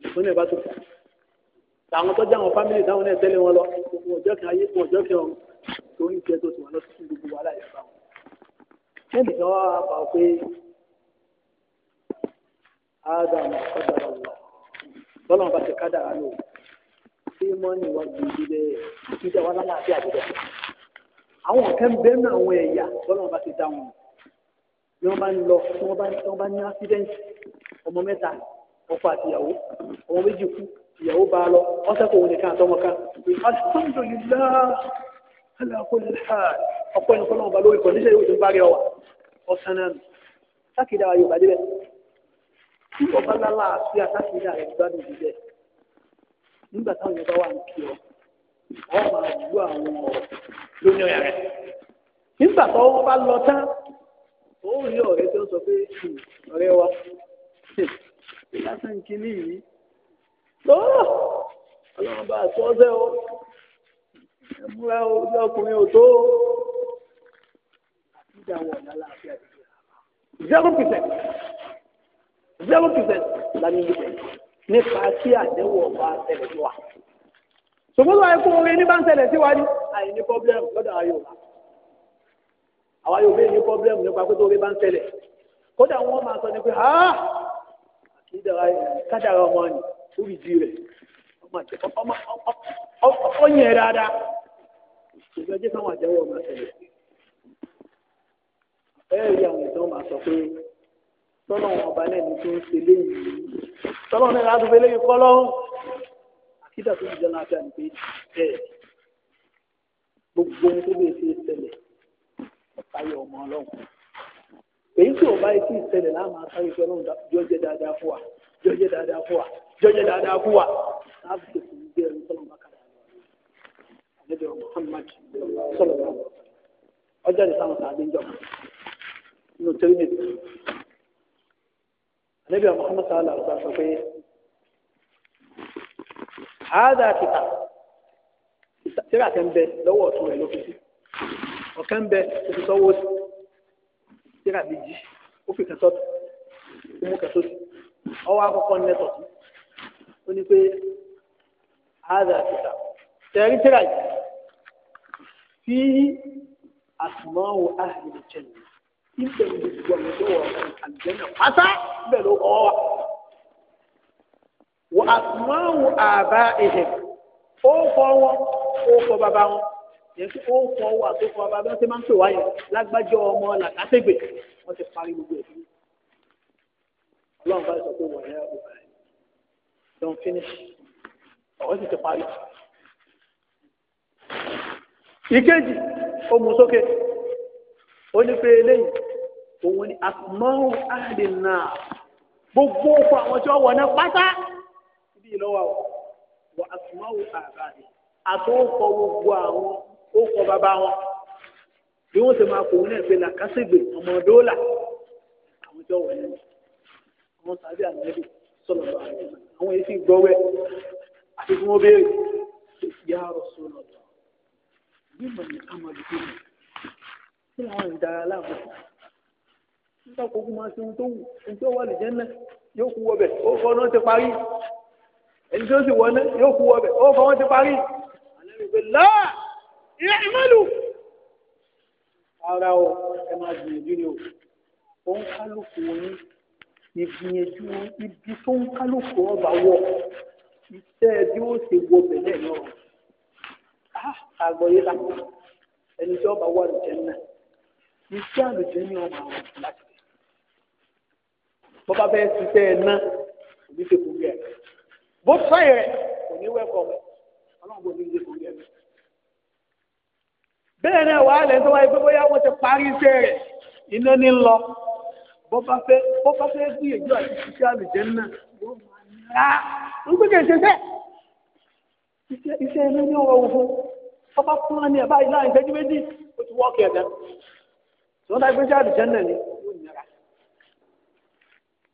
Speaker 1: ìfúnnẹ̀ bá tó fún àwọn tó já àwọn fámìlì táwọn náà tẹ́lẹ̀ wọn lọ gbogbo ọjọ́ kan ayé fún ọjọ́ kan tó ń jẹ tó ti wà lọ́sí gbogbo wàhálà ìfà wọn. Ṣéèmì kan wá bá ọ pé Ádámù ọ̀dàrà wọ̀ bọ́lá wọn bá ti kádàrá lò sí mọ́nì wọn ju ilé ìjà wọn lálẹ́ àti àbúrò. Àwọn ọ̀kẹ́ ń bẹ́ẹ̀ náà àwọn ẹ̀yà bọ́lá wọn bá ti dá wọn. Bí wọ́n bá ń lọ, tí wọ́n bá ní ásídẹ́ǹtì, ọmọ mẹ́ta, ọkọ àtìyàwó, ọmọ méjì kú, ìyàwó bá lọ wọ́n sẹ́kọ̀ọ́ òun nìkan àtọmọ kan alhamdulilah alhamdulilah ọ̀pọ̀ ẹnìkan náà ọba lórí kọ̀ọ̀díṣẹ́ yóò tún bá rí ọwà ọ̀sán náà nù sákìdá yorùbá débẹ̀ tí ọba lálá àti àsákìdá rẹ̀ gbádùn ìbílẹ̀ nígbà táwọn yorùbá wà ń kí ọ ọ máa wú àwọn ọ̀rọ̀ lóní
Speaker 2: ọ̀yà tó wọ́n bá lọ tán
Speaker 1: ó rí ọ̀rẹ́ tó sọ pé hmm, ọ̀rẹ́ wa lásán kínní yìí
Speaker 2: lọ́wọ́ ọlọ́run bá sọ ọ́ sẹ́ o
Speaker 1: ẹ múra o ilé ọkùnrin ò tó o àtijọ́ àwọn àdìgbò zero percent zero percent lami yìí nípa tí àdéhùn ọba ṣẹlẹ̀ sí wa ṣùgbọ́n àyè kó orin ní bá ń ṣẹlẹ̀ sí wa ní àyè ní pọ́blẹ́mù lọ́dọ̀ ayò wa àwa yóò bẹ́ẹ̀ ní pọ́blẹ́mù nípa pé tó orin bá ń ṣẹlẹ̀ kódà wọn máa sọ ni pé ah kádàrá ọmọ ni. oríjì rẹ̀ ọyàn ẹ̀ dáadáa ìgbà jẹ́ káwọn àjẹwọ́ máa àwọn ìtàn máa sọ pé tọ́lọ́ wọn ọba náà ní tó ń tó ń jẹ́ pé gbogbo ohun tó lè ṣe ọmọ ọlọ́run èyí tí ò bá láàmú àtàwọn jọ́jẹ́ dáadáa fún wa jọ́jẹ́ dáadáa fún wa.
Speaker 2: jẹ́jẹ́ dáadáa fún wa láti tètè ní bí ẹni sọ́lọ́mù
Speaker 1: bákàrà àlejò Muhammad sọ́lọ́mù ọjọ́ ìsáwọn sàbí ń jọba nínú tẹ́lẹ̀ àlejò Muhammad sọ́lọ́mù àlùbá sọ pé àádá kìtà tíra kẹ́ ń bẹ lọ́wọ́ ọ̀tún rẹ̀ ló fi sí ọ̀kẹ́ ń bẹ tó sọ́wọ́ sí tíra méjì ó fi kẹsọ́tù ó mú kẹsọ́tù ọwọ́ akọ́kọ́ nẹ́tọ̀tù ó ní pé áàdà àtìkà
Speaker 2: tẹ̀rí tíra yìí
Speaker 1: fi àsùnmọ́wò áàdì jẹ̀nà
Speaker 2: ìgbẹ́ gbogbo àwọn tó wọ̀ ọ̀rọ̀ àlùjẹ́nà
Speaker 1: pátá bẹ́ẹ̀ ló kọ́ wa. wọ àsùnmọ́wò àbá ìhẹ̀ ó kọ́ wọn ó kọ́ bàbá wọn yẹnsi ó kọ owó àtòkọ ọba bí wọn ti máa ń pè wáyé lágbájọ ọmọ làkàtẹgbè wọn ti parí gbogbo ẹ Ọlọ́run bá sọ pé wọn yẹ ọba don finish ọ̀rọ̀ sì ti parí. ìkejì ó mú sókè ó ní pé eléyìí òun ni àmọ́hùn áàdì náà gbogbo ọkọ àwọn tí wọ́n wọ̀ náà pátá bí ìlọ́wọ́ àwọn wọ àtúmáwò àbáyé àtòkọ gbogbo àwọn òkọ bàbá wọn bí wọ́n ti máa kó wọn náà gbé làkàṣègbè ọmọdé àwọn tí wọ́n wọ̀ náà wọ́n sábẹ́ àmọ́ sọlọ bá àwọn èsì gbọwẹ àti fún wọn béèrè yà á rọ sọlọ bá bímọ ní amadu tó mọ kí làwọn ìdára láàbò nígbà kókó máa ṣe ohun tó wù ohun tó wà lè jẹ náà yóò kú wọbẹ ó fọ náà ti parí ẹni tó sì wọlé yóò kú wọbẹ ó fọ wọn ti parí ìyá ìmọ̀lù ara o ẹ máa gbìyànjú ni o òun kálukú yín ìgbìyànjú ibi tó ń kálukú ọba wọ iṣẹ́ bí ó ṣe wọ bẹ̀rẹ̀ náà ah, àgbọ̀yé la ẹni tí ọba wà lùjẹ́ náà iṣẹ́ àlùjẹ́ ní ọba wà láti bẹ̀. bọ́ba bẹ́ẹ̀ ṣiṣẹ́ ẹ ná òní ṣe kò rí ẹ̀ bó sáyẹ̀ rẹ̀ kò ní wẹ́kọ̀ rẹ̀ ọlọ́run kò ní ṣe kò rí ẹ̀ bẹ́ẹ̀ náà wàhálà ẹ̀ tó wáyé pé bóyá wọ́n ti parí iṣẹ́ rẹ̀ iná ní lọ bó bá fẹ́ bó bá fẹ́ gbìyànjú àti ṣiṣẹ́ àlùjẹ́ náà yóò máa ń gbé kèsè sẹ́ iṣẹ́ inú ní ọ̀rọ̀ òfin bó bá fún wọn ní ẹ̀bá ìlà ìṣẹ́jú méjì ó ti wọ́ọ̀kì ẹ̀dá tí wọ́n dá gbéṣẹ́ àlùjẹ́ náà ni yóò nira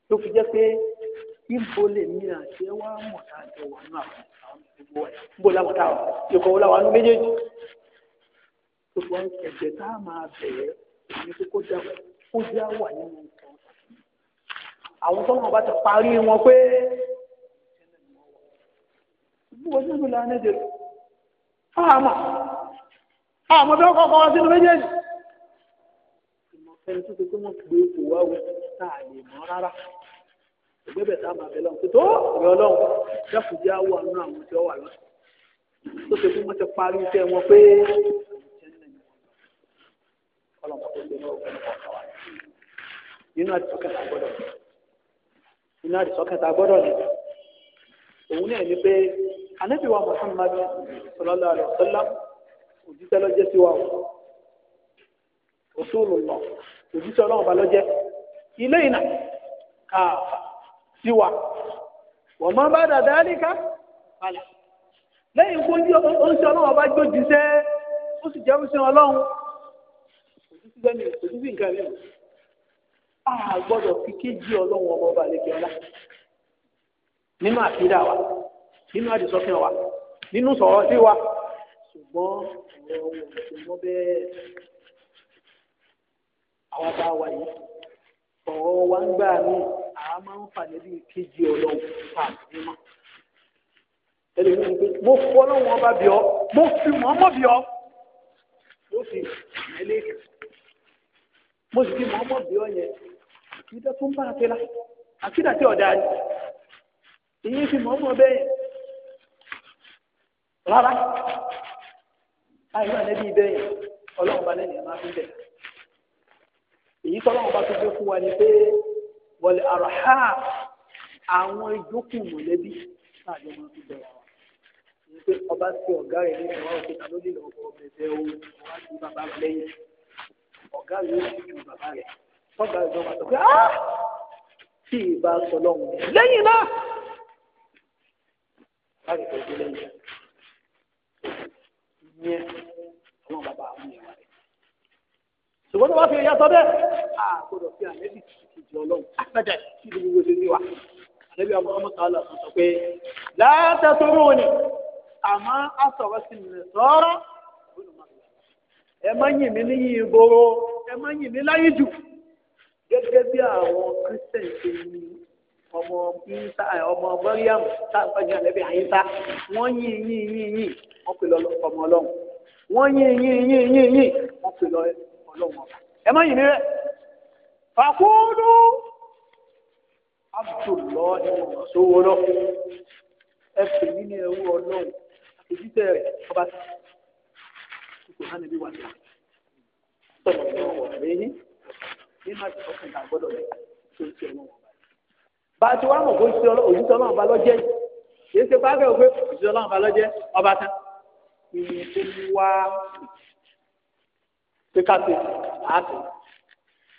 Speaker 1: tó fi jẹ́ pé ibo lè mi àti ẹ wá mọ̀ tá a jọ wà nù àwọn ìgbò ẹ̀ níbo làwọn táwọn ìkọ̀ wọ́n làwọn méjèèjì tó fi ẹ̀jẹ̀ tá a máa bẹ̀rẹ̀ ní kókó kó jẹ́ àwà nínú k àwọn tó wọn bá ti parí wọn pé gbogbo ọjọ́ ìlú lánàá dé àmọ́ àmọ́ bí wọ́n sínú méjèèjì ìmọ̀ tó ti pé wọ́n gbé ipò wá wọ tá a lè mọ̀ rárá ìgbẹ́bẹ̀ tá a máa bẹ̀ lọ́hùn tó ìrẹ̀ ọlọ́hùn jẹ́kùn jẹ́ àwọ̀ àánú àwọn tí ó wà lọ́sùn tó ti pé wọ́n ti parí iṣẹ́ wọn pé
Speaker 2: ọlọ́mọ tó ti lọ́wọ́
Speaker 1: nínú àti ọ̀kẹ́ àgbọ̀dọ̀ iná àdìsọ́kẹta gbọ́dọ̀ ní òun náà ní pé anábì wa Muhammad sallallahu alaihi wasallam òjíṣẹ́ lọ́jẹ́ sí wa Rasulullah òjíṣẹ́ ọlọ́run bá lọ́jẹ́ ilé ìnà káàfà sí wa wọ́n máa bá dàda níka balẹ̀ lẹ́yìn kó ń ṣe ọlọ́run ọba gbòjì sẹ́ ó sì jẹ́ ó ọlọ́run òjíṣẹ́ mi òjíṣẹ́ nǹkan mi a gbọ́dọ̀ fi kéjì ọlọ́run ọba ọba àlejò ọlá nínú àkídà wa nínú àdìsọ́fín wa nínú sọ̀rọ̀ sí wa ṣùgbọ́n ọ̀rọ̀ wọn kò mọ bẹ́ẹ̀ àwa bá wa yìí ọ̀rọ̀ wa ń gbà mí àá máa ń fà níbi kéjì ọlọ́run fà mí mọ́ ẹlẹ́yìn pé mo fọ́ ọlọ́run ọba bí ọ mo fi mọ́mọ́ bí ọ mo fi ẹlẹ́yìn mo sì fi mọ́mọ́ bí ọ yẹn àkìdá tó ń bá àtẹlá àkìdá tí ọ̀dà ni èyí fi mọ̀ ọmọ bẹ́ẹ̀ rárá àìmọ̀ ẹ̀nẹ́bí bẹ́ẹ̀ ọlọ́run bá lẹ́nu ẹ̀ máa fi bẹ̀ èyí tọ́lọ́run bá tó gbé fún wa ni pé wọlé àràhà àwọn ìjókòó mọ̀lẹ́bí náà ló fi bẹ̀rẹ̀ wa pé ọba sí ọ̀gá rẹ̀ ní ìwà òkè ta ló lè lọ́ọ́ bọ̀ bẹ́ẹ̀ o wọ́n á ju bàbá rẹ̀ lẹ́yìn ọ̀gá rẹ̀ ó sì ju bàbá rẹ̀ wọ́n gba ìjọba tó pé áá ah! tí ìbá sọ lọ́hùn
Speaker 2: lẹ́yìn náà láti tọ́jú lẹ́yìn
Speaker 1: ìyẹn àwọn bàbá àwọn ìyàwó rẹ̀
Speaker 3: ṣùgbọ́n tó bá fi yàtọ̀ bẹ́ẹ̀
Speaker 1: a gbọ́dọ̀ fi àlẹ́bí ti jẹ ọlọ́run àtàjà kí ni gbogbo ṣe ní wa àlẹ́bí àwọn ọmọ sàálà sọ sọ pé látẹ̀sọ́rọ̀ ni àmọ́ àsọ̀rọ̀ sí mi sọ́ọ́rọ́ ẹ má yìn mí níyìn ìgboro ẹ má yìn mí láyé jù gẹ́gẹ́ bí àwọn kristian ṣe ní ọmọ yínta ọmọ mọ́ríàm táwọn ní alẹ́ bí àyínta wọ́n yìn yìn yìn yìn wọ́n pè lọ ọmọ ọlọ́run wọ́n yìn yìn yìn yìn yìn wọ́n pè lọ ọlọ́run ọba ẹ má yìn ní rẹ̀ fàkúrú abdullahi sowolo ẹ pè mí ní ẹrú ọlọ́run àtẹ̀jíṣẹ́ rẹ̀ ọba tí kò hánà bí wàjà sọ̀rọ̀ ní ọ̀rọ̀ rẹ̀ yìí nínú àti ọkàn náà gbọ́dọ̀ rẹ̀ tó ti ọlọ́run ọba. bá a ti wá mọ̀ kó ti òjíṣẹ́ ọlọ́run ọba lọ́jẹ́ yìí èyí ṣe bá bẹ̀rù pé òjíṣẹ́ ọlọ́run ọba lọ́jẹ́ ọba tán. ìyẹn tó ń wá pé ká ti àásì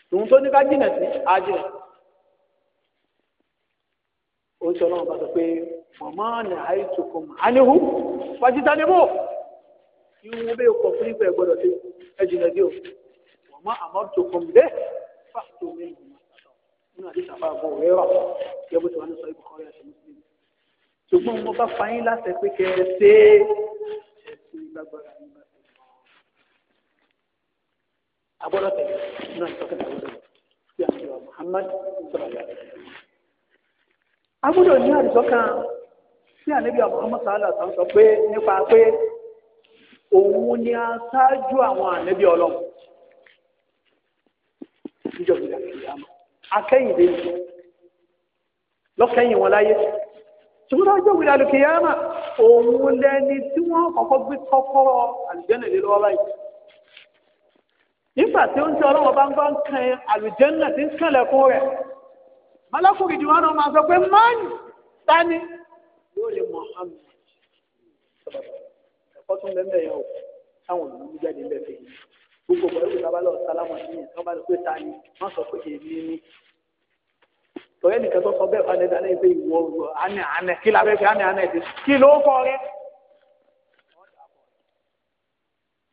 Speaker 1: tòun tó ní ká jìnà sí àjẹ. òjíṣẹ́ ọlọ́run ọba sọ pé mọ̀mọ́ ni àìsùkùn àníhù fàjítánimù ìwọ̀n bẹ́ẹ̀ kọ̀ fún ìfẹ́ gbọ́dọ̀ sí ẹ̀jìnà sí o mọ̀mọ́ àmọ́ tó kọ̀ mọ́ fáàtò mẹ́rin nínú àdéhùn àbábọ̀ rẹ̀ rọ̀ kí ẹbí tí wọ́n sọ ibùkọ́ rẹ̀ ṣùgbọ́n mo bá fayín láti pé kẹ́ ẹ ṣe é
Speaker 2: ẹ̀sìn ìgbàgbọ́ra nígbà tó ń bọ̀. agbọ́dọ̀ tẹ̀lé nínú àtọ́kẹ́ àgbọ́dọ̀
Speaker 1: bí a ṣe wà Muhammad sọ̀rọ̀ agbọ́dọ̀ ní àdìsọ́kàn tí ànábì Muhammad sàálà sọ pé nípa pé òun ni aṣáájú àwọn ànábì Ọlọ́run níjọ́ ìgbà ìyàmọ̀ akẹ́yìndé lọ́kẹ́yìn wọn láyé ṣùgbọ́n táwọn jọ́gbìn alùkìyàmà òun lẹni tí wọ́n kọ́kọ́ gbé kọ́kọ́rọ́ àlùjẹ́nà lé lọ́wọ́ báyìí nígbà tí ó ń tẹ ọlọ́wọ́ bá ń bá ń kan àlùjẹ́nà tí ń kànlẹ̀kùn rẹ̀ malakuri di wọn máa sọ pé man tani yóò lè Muhammad ẹ̀kọ́ tún bẹ́ẹ̀ yẹn o táwọn olùdíjáde ń gbogbo ọ̀pọ̀ ẹ̀rù tábàlọ̀ sálámà ní ìyẹn tọ́ba ló pé ta ni wọ́n sọ pé èmi ni. tọ́yẹ́ nìkan tó sọ bẹ́ẹ̀ fanẹ́ dáná ìfẹ́ ìwọ ọ̀rọ̀ ànẹ́ ànẹ́ kí la fẹ́ fi ànẹ́ ànẹ́ ti kí ló kọ́ rẹ́.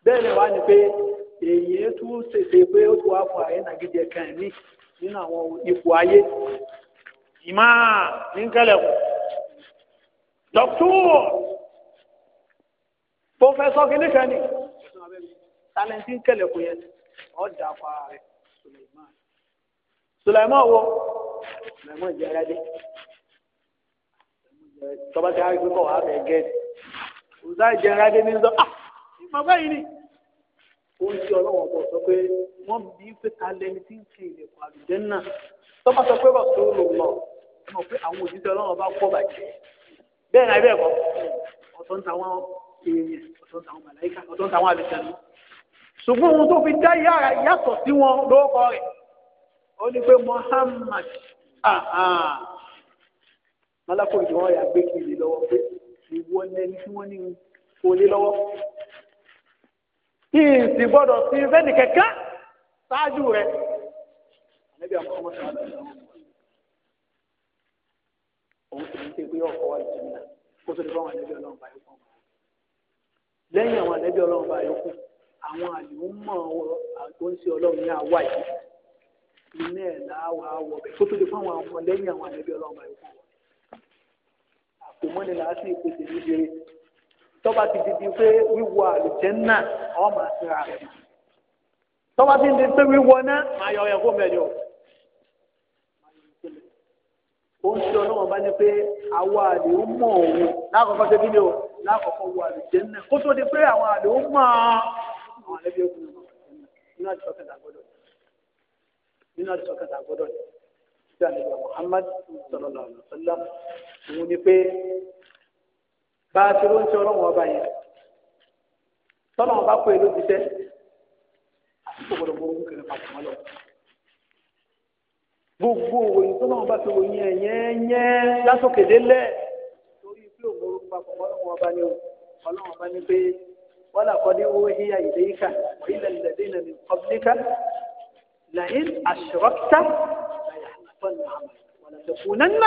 Speaker 1: bẹ́ẹ̀ ni wàá ní pé èyí tún ṣèṣe pé ó tún wá fún ààrẹ nàgídẹ kan ní nínú àwọn ipò ayé ìmá ní kẹlẹ̀kù dọ́kítọ̀ pọ́fẹ́sọ́ kìnnìkan ni talenti kẹlẹ kò yẹn ọ da kọ ara rẹ Suleiman Suleiman wo Suleiman jẹrẹ dé tọba tí a rí pípọ̀ wà bẹ̀ gẹ́ẹ̀dì òòsà ìjẹrẹ dé ní sọ ah ìmọ̀ báyìí ni ó ń ṣe ọlọ́wọ́ bọ̀ sọ pé wọ́n bí pé talenti tí ń ṣe ìlẹ̀kùn àlùjẹ́ náà tọ́ba sọ pé bọ̀ tó lò lọ mọ̀ pé àwọn òjíṣẹ́ ọlọ́wọ́ bá kọ́ bàjẹ́ bẹ́ẹ̀ ni àbẹ́ ẹ̀kọ́ ọ̀tọ̀ ń ta wọn èèyàn ọ̀tọ̀ ń ta wọn màláìka ọ̀tọ̀ ń ta wọn àlùjẹ́ ṣùgbọ́n ohun tó fi dá yàrá yàtọ̀ sí wọn lórúkọ rẹ̀ ó ní pé Muhammad malako ìjọba yà gbé kiri lọ́wọ́ pé ìwọ lẹni tí wọ́n ní kò lé lọ́wọ́ kí n sì gbọ́dọ̀ sí sẹ́ni kẹ̀kẹ́ ṣáájú rẹ̀ àlẹ́bí àwọn òun sì ń pé ọkọ̀ wà lẹ́yìn kó tó lè fọ́ àwọn àlẹ́bí ọlọ́run bá yókù lẹ́yìn àwọn àlẹ́bí ọlọ́run bá yókù àwọn àlùmọ̀ àgbóńsí ọlọ́run ní àwa yìí iná ẹ̀ láwa wọ̀ bẹ́ẹ̀ kó tó di fáwọn àwọn lẹ́yìn àwọn àlẹ́bí ọlọ́run bá yòókù wọ̀ àpòmọ́ni làásì ìpèsè níbi tọ́ba ti di di pé wíwọ àlùjẹ́ náà ọ́ máa sinra rẹ̀ tọ́ba ti di pé wíwọ náà máa yọ ọ̀yàn fún mẹ́rin o ó ń ṣe ọlọ́wọ́n bá ní pé àwọn àlè ó mọ̀ òun lákọ̀ọ́kọ́ ṣe kí ni o lákọ̀ọ́kọ́ wọ àlùjẹ́ náà kó tó di pé àwọn àlè ó mọ̀
Speaker 3: ọ́
Speaker 1: àwọn àlẹ́bí òkun nínú àdìsọ́kẹ̀tà gbọ́dọ̀ nínú àdìsọ́kẹ̀tà gbọ́dọ̀ sí àlejò Muhammad sallallahu alaihi wasallam òun ni pé bá a ti ló ń ṣe ọlọ́run torí pé òun orúkọ pàtó ọba ni ọlọ́run ọba ni pé. ولقد أوحي إليك وإلى الذين من قبلك لئن أشركت ليحبطن عملك ولتكونن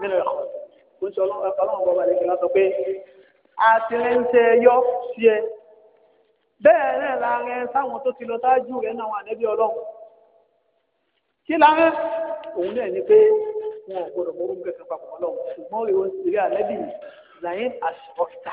Speaker 1: من الخاسرين كنت أقول بابا لك لا تقول
Speaker 3: àtìrẹ́ńtẹ́ yọ
Speaker 1: sí ẹ sáwọn tó ti lọ sáájú rẹ̀ náà wà nẹ́bí ọlọ́run kí láàrin òun náà ni pé wọn ò gbọdọ̀ mọ́rú kẹfẹ́ papọ̀ ọlọ́run ṣùgbọ́n ìròyìn ìrírí àlẹ́bí làyín àṣọ ọ̀tà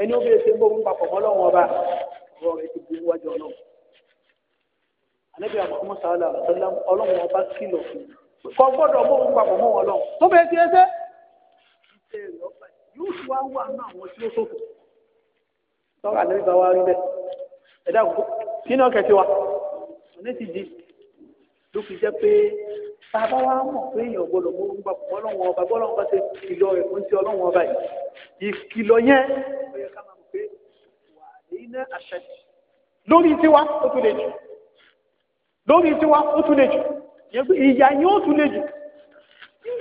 Speaker 1: ẹni ó bẹ̀rẹ̀ ṣe gbógun papọ̀ mọ́ lọ́wọ́ ọba ọ̀rọ̀ rẹ̀ ti bu wájú ọlọ́run ànábì àmọ́ sàálà àtọ́lá ọlọ́run ọba kìlọ̀ kọ́ gbọ́dọ̀ gbógun papọ̀ mọ́ wọn lọ́wọ́ tó bẹ̀rẹ̀ ti ẹsẹ̀ yóò tún wá wà nínú àwọn tí ó ṣòfò tọ́ka ànábì bá wá rí bẹ́ẹ̀ ẹ̀dá àkókò kí ni ọkẹ̀ ti wa ọ̀nà ti di ló fi jẹ́ pé bàbá wa mọ̀ pé èèyàn gbọ́dọ̀ gbógun papọ̀ mọ́ ọlọ́run ọba gbọ́dọ̀ ọba ti ìlọ ẹ̀kọ́ ti ọlọ́run ọba yìí ìkìlọ̀ yẹn lórí tiwa ó tún lè jù lórí tiwa ó tún lè jù ìyá yẹn ó tún lè jù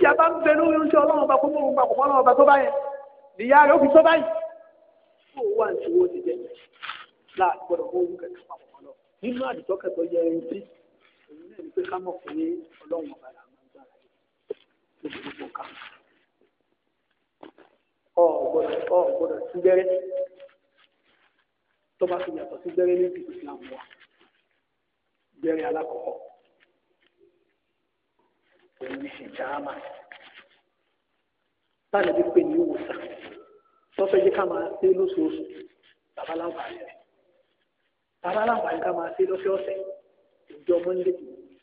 Speaker 1: ìyá bá ń bẹ lórí oúnjẹ ọlọ́run ọba kókó òun papọ̀ ọlọ́run ọba tó bá yẹn ìyá rẹ̀ ó fi tó báyìí ó wà ní owó ti jẹ láàrin gbọdọ̀ mọ owó kẹkẹ papọ̀ ọlọ́run nínú àdìsọ́ kẹtọ yẹ ẹni tí òun náà ní pé ká mọ̀ pé ọlọ́run ọba làwọn ń gbà láyé lóṣù tó kàn án ọ
Speaker 2: gbọ́dọ̀ ọ gbọ́dọ̀ sí gbẹ́rẹ́
Speaker 1: tó bá fi yàtọ̀ sí gbẹ́rẹ́ ní ìdìbò islam wa gbẹ́rẹ́ alákọ̀ọ́kọ́ òun ní ṣèjáàmà báyìí bí pé ní ìwòsàn tọ́fẹ́ jẹ́ ká máa ṣe lóṣooṣù bàbá láǹfààní rẹ̀ bàbá láǹfààní ká máa ṣe lọ́sẹ̀ ọ̀sẹ̀ ìjọ monday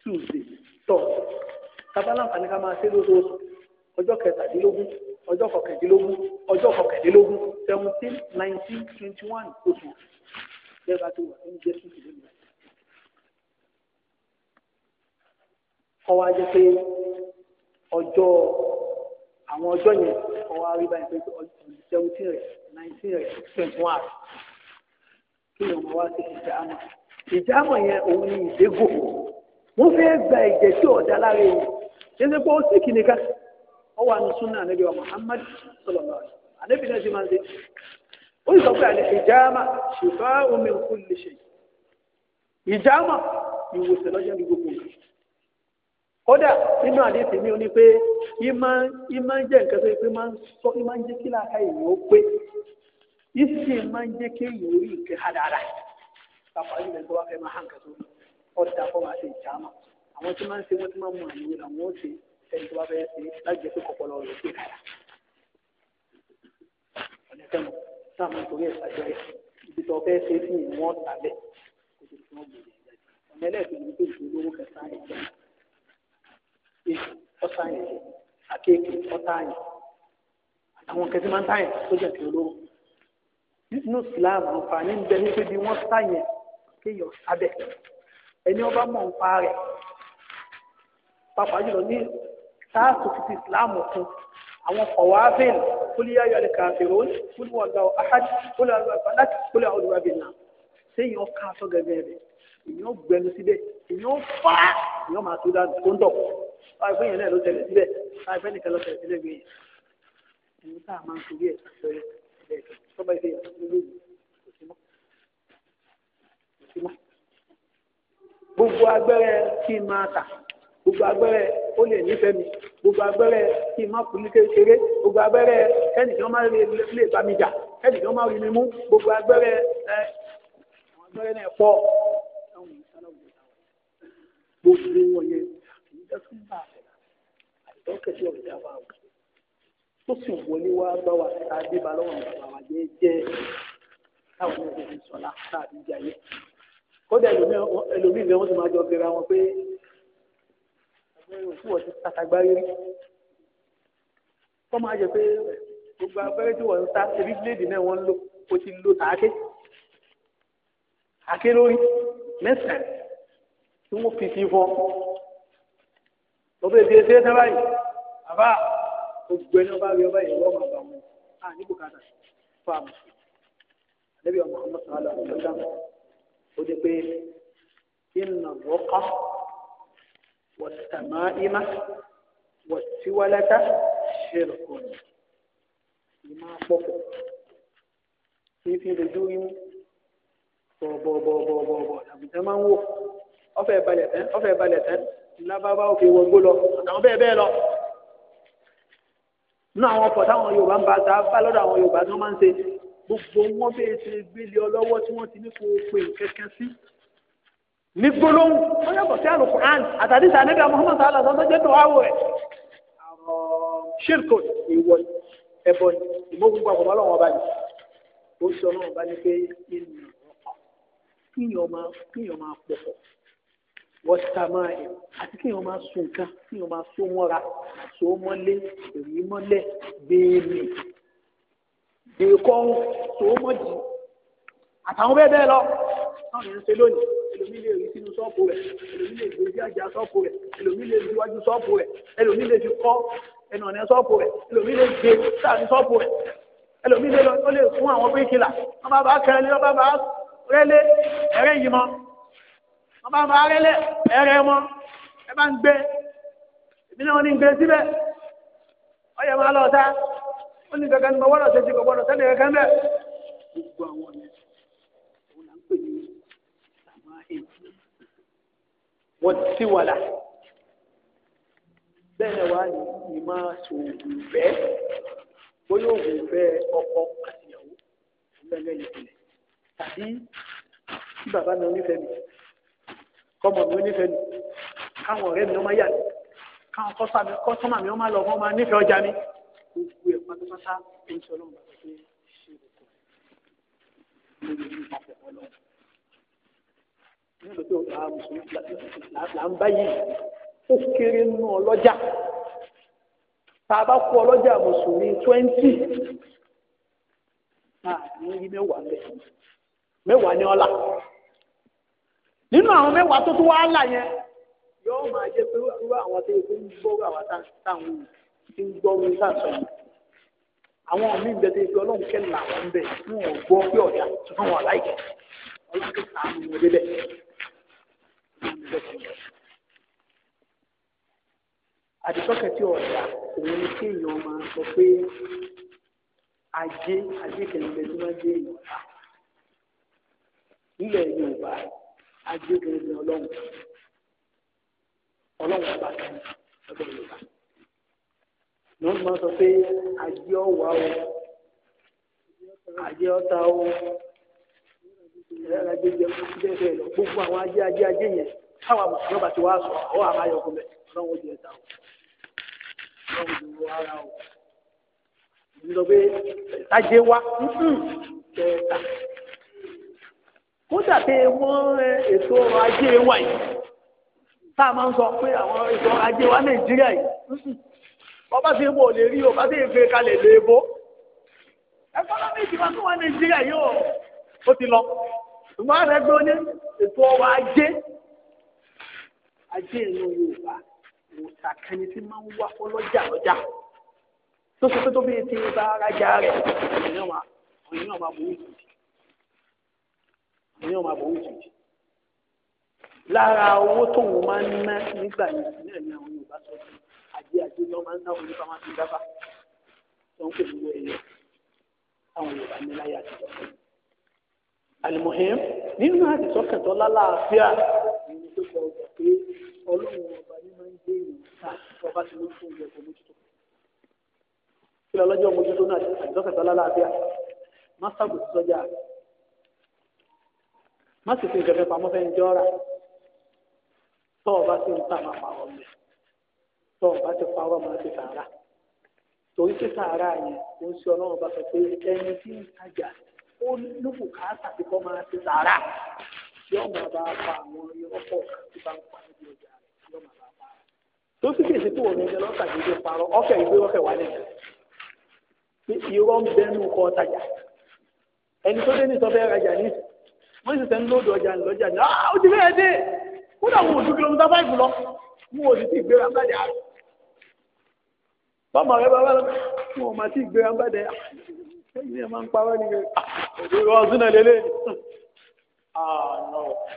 Speaker 1: tuesday tọ́ bàbá láǹfààní ká máa ṣe lóṣooṣù ọjọ́ kẹtàdínlógún ọjọ́ kọkàndínlógún ọjọ́ kọkàndínlógún seventeen nineteen twenty one oṣù bẹ́ẹ̀ bá ti wà nínú jésù ìdílé mi. ọwọ́ ajẹ́ pé ọjọ́ àwọn ọjọ́ yẹn ọwọ́ àríwá yẹn pé seventeen rẹ̀ nineteen rẹ̀ twenty one rẹ̀ kí ni ọmọ wa ti fi jẹ́ àmọ́ ìjámọ̀ yẹn òun ni ìdégò wọ́n fẹ́ gba ẹ̀jẹ̀ tí ọ̀dà lára èèyàn ṣe é ṣe ó sì kìnnìkan. ó wà ní súnà ànábì wa Muhammad sallallahu alaihi wasallam ànábì náà ṣe máa ń ṣe ó sì sọ pé àlè ìjàmà shifa'u min kódà nínú àdéhùn ò ní pé ìmọ̀ ń jẹ́ nǹkan tó yẹ pé máa ń sọ ìmọ̀ ń jẹ́ kí èèyàn ó pé ìsì máa ha dáadáa pàpà ìlẹ̀ tó wá fẹ́ máa hàn ọ̀dà máa ẹni tó bá fẹ́ ṣe láti jẹ́ pé kọ̀pọ̀lọ́ rẹ̀ gbé kára ọ̀nà tẹ́nu táwọn nítorí ẹ̀ ṣàjọ ẹ̀ ibi tó fẹ́ ṣe fún ìwọ̀n ọ̀tà bẹ̀ kó tó fún ọ̀gbìn ọ̀nà ẹlẹ́ẹ̀kejì ni pé ìdúró kẹta ẹ̀ jẹ́ ọ̀tá ẹ̀ jẹ́ akéèké ọ̀tá ẹ̀ àtàwọn kẹtí máa ń táyẹ̀ tó jẹ́ ti olóró nínú Islam àǹfààní ń bẹ ní bí wọ́n táyẹ̀ kéèyàn sábẹ̀ ẹni ọba mọ̀ ń pa rẹ̀ pàápàá jùlọ ní sáàtò fífi ìsìláàmù fún àwọn kọ̀wáfíìn kúlíyà yọlẹ̀ kàfẹ́rọ́ kúlíwà gbàù ahadi kúlíwà gbàláàtì kúlíwà olùwàbí náà séèyàn ká aṣọ gẹ́gẹ́ rẹ̀ èèyàn gbẹnu síbẹ̀ èèyàn fà á èèyàn máa tó dáa tó gbogbo agbẹ́rẹ́ kí máa tà gbogbo agbẹ́rẹ́ ó lè nífẹ̀ẹ́ mi gbogbo agbẹ́rẹ́ kí n má kú ní kékeré gbogbo agbẹ́rẹ́ ẹnìkan má lè bá mi jà ẹnìkan má rí mi mú gbogbo agbẹ́rẹ́ ẹ àwọn agbẹ́rẹ́ náà pọ̀ gbogbo wọn yẹn kì í dẹ́kun a àìsàn kẹsì ọ̀gá wa o tó sì wọlé wá bá wa adébá lọ́wọ́ bàbá wa jẹ́ jẹ́ táwọn ọmọ ìṣọ̀lá táàbí jẹ́ ayé kódà ẹlòmíì ni wọ́n ti máa jọ gbéra wọn pé òkú ọ̀sẹ̀ àtàgbáyé rí kọ́ máa jẹ pé gbogbo abẹ́rẹ́ tí wọ́n ń ta ebi bíléèdì náà wọ́n ń lò ó ti lo tàáké àké lórí mẹ́sàn-án tí wọ́n fi sí fọ́ lọ́bẹ̀ẹ́ bíi ẹsẹ̀ náà báyìí àbá gbogbo ẹni ọba rí ọba ìwọ́ máa bá wọn à ní bùkátà fún àmọ́ àlẹ́bí ọmọ ọmọ sọ̀rọ̀ àlọ́ ọ̀sán ó dé pé kí n nà lọ́kọ́ wọ̀sàmáìmá wọ̀síwálátá ṣẹlẹ̀kùn لما pọ̀pọ̀ في lójú yín bọ̀bọ̀bọ̀bọ̀bọ̀ làbùjá máa ń wò ọ̀fẹ́ balẹ̀ tán ọ̀fẹ́ balẹ̀ tán lábábá òkè wọgbó lọ àtàwọn bẹ́ẹ̀ bẹ́ẹ̀ lọ nínú àwọn ọkọ̀ táwọn Yorùbá ń bá ta bá lọ́dọ̀ àwọn Yorùbá tí máa ń ṣe gbogbo wọn bẹ́ẹ̀ ṣe gbélé ọlọ́wọ́ tí wọ́n ti ní kó o pè kẹ́kẹ́ sí ní gbólóhùn ó yàtọ̀ sí alukur'an àtàdé sànẹ́bí Muhammad sàlá sọ́tọ́ jẹ́ tó áwọ̀ ẹ̀ ṣírkò ìwọ ẹ̀bọ ìmọ̀gbọ́n àkọ́bá lọ́wọ́ ọba yìí ó sọ náà bá ní pé kíyàn máa kíyàn máa pọ̀pọ̀ wọ́n sá máa ẹ̀ àti kíyàn máa sun nǹkan kíyàn máa sún mọ́ra sún mọ́lé èyí mọ́lẹ̀ gbèèmì gbèkọ́ sún mọ́jì àtàwọn bẹ́ẹ̀ bẹ́ẹ̀ lọ náà ní ń ṣe lónìí ẹlòmí lè rí sínú ṣọ́ọ̀bù rẹ̀ ẹlòmí lè gbé sí àjà ṣọ́ọ̀bù rẹ̀ ẹlòmí lè rí iwájú ṣọ́ọ̀bù rẹ̀ ẹlòmí lè fi kọ́ ẹnu ọ̀nà ṣọ́ọ̀bù rẹ̀ ẹlòmí lè gbé sáàrin ṣọ́ọ̀bù rẹ̀ ẹlòmí lè lọ ó lè fún àwọn bíríkìlà wọ́n bá bá kẹrẹ́lé wọ́n bá bá rẹ́lé ẹ̀rẹ́ yìí mọ́ wọ́n bá bá rẹ́lé ẹ̀rẹ́ mọ́ ẹ bá ń gbé èmi náà ní gbé síbẹ̀ ọyẹ máa lọ ta ó ní kankan ní mo wọ́n lọ sí ti kò gbọ́dọ̀ wọ́n ti wàlà bẹ́ẹ̀ wá ní ìmọ̀ sòògùn ìfẹ́ bóyá òògùn ìfẹ́ ọkọ àti ìyàwó ìgbẹ́lẹ́ ìpìlẹ̀ tàbí tí bàbá mi onífẹ̀ẹ́ mi kọ́mọ mi onífẹ̀ẹ́ mi káwọn ọ̀rẹ́ mi ọmọ yà mí káwọn kọ́sọ́mà mi ọmọ lọ ọmọ nífẹ̀ẹ́ ọjà mi gbogbo ẹ̀ pátápátá ó ń sọ ọlọ́run bàbá pé ṣé o kọ̀ lórí ìlú ìpapọ̀ nígbà tó là ń báyìí ó kéré nù ọlọ́jà tá a bá kó ọlọ́jà mùsùlùmí twenty ní yí mẹ́wàá bẹ́ẹ̀ mẹ́wàá ní ọ̀la
Speaker 3: nínú àwọn mẹ́wàá tó tún wá là yẹn
Speaker 1: yóò máa jẹ́ pé irú àwọn tó ń gbọ́rọ̀ àwọn táwọn ti ń gbọ́rọ̀ sáàsọ yìí
Speaker 3: àwọn míì bẹ tó
Speaker 1: fi ọlọ́run kẹ́lá àwọn ń bẹ̀ wọn ò gbọ́ pé ọ̀dà tuntun wọn láìpẹ́ ọlọ́run tó ta àwọn ọmọdé
Speaker 2: bẹ́ẹ̀. àdìsọ́kẹ̀ tí ọ̀dà òun ni kí èèyàn máa sọ pé ajé
Speaker 1: ajé kẹ̀lẹ́gbẹ́ tí wọ́n jẹ́ èèyàn aje nílẹ̀ Yorùbá ajé kẹ̀lẹ́gbẹ́ ọlọ́run ọlọ́run ọba kan lọ́dọ̀ Yorùbá ni wọ́n máa sọ pé ajé ọ̀wá o ajé o gbogbo àwọn ajé ajé ajé yẹn. táwa mùsùlùmí bá ti wá sọ ọ àbáyọ gómẹ ọlọ́run ojú ẹ̀dá o ọlọ́run ojú ẹ̀dá ara o ìlọ pé ìtajé wa kẹta kódà pé wọ́n ètò ọrọ̀ ajé wa yìí tá a máa ń sọ pé àwọn ètò ọrọ̀ ajé wa nàìjíríà yìí ọba tí mo lè rí ọba tí èèfé kalẹ̀ lè bó ẹkọ́nọ́mì ìdìbò tó wà nàìjíríà yìí ó ti lọ ṣùgbọ́n àrẹ́gbẹ́ oní ètò ọrọ̀ ajé ajé inú yorùbá òòtà kẹni tí máa ń wá ọlọ́jà lọ́jà
Speaker 3: tó ṣe pé tó bí ti bá rájà rẹ̀ ọ̀yìn náà máa
Speaker 1: bọ̀ wùjì ọ̀yìn náà máa bọ̀ wùjì lára owó tóun máa ń ná nígbà yìí náà ni àwọn yorùbá sọ pé ajé ajé ló máa ń ná onípa máa ti dábàá tó ń pè ní owó ẹyẹ àwọn yorùbá ní láyé àtijọ́ alimohim nínú àtijọ́ lálàáfíà
Speaker 2: ní ìdókòwò pé ọlọ́run ọba ní máa ń gbé ìrìn ká
Speaker 1: ọba ti ló fún ìyẹn kò mójútó kí ọlọ́jọ́ mójútó náà ṣe àjọkẹta lálàáfíà má sàbò sí sọ́jà má sì fi ìjọba pamọ́ fẹ́ ń jẹ́ ọ̀rà tọ́ ọba sí ń tà máa pa ọmọ rẹ̀ tọ́ ọba ti pa ọmọ rẹ̀ ti sàárà torí pé sàárà yẹn ó ń ṣe ọlọ́run ọba sọ pé ẹni tí ń tajà ó lófò káàtà tí kò máa ti sàárà yóò máa bá a pa àwọn irọ́ tí bá ń pa níbi ọjà rẹ̀ yóò bá a
Speaker 3: pa. tó sì kèsì tó wọ̀nyí ẹ̀jẹ̀ lọ́tà gbèdé parọ́ ọ̀fẹ́ ìgbé ọ̀fẹ́ wà nìyẹn
Speaker 1: pé irọ́ ń bẹ́nu kọ́ ọ̀tajà ẹni tó dé ní sọfẹ́ rajà ní wọ́n sì sẹ́ni lóòdù ọjà lọ́jà ní ah, ó ti bẹ́ẹ̀ dé kódà wọn ò ju kìlómítà fáìfù lọ wọn ò sì ti gbéra ńbàdà rẹ̀ bọ́mọ rẹ bá wà lọ́wọ́ wọn ò má ti ọ̀nà ah,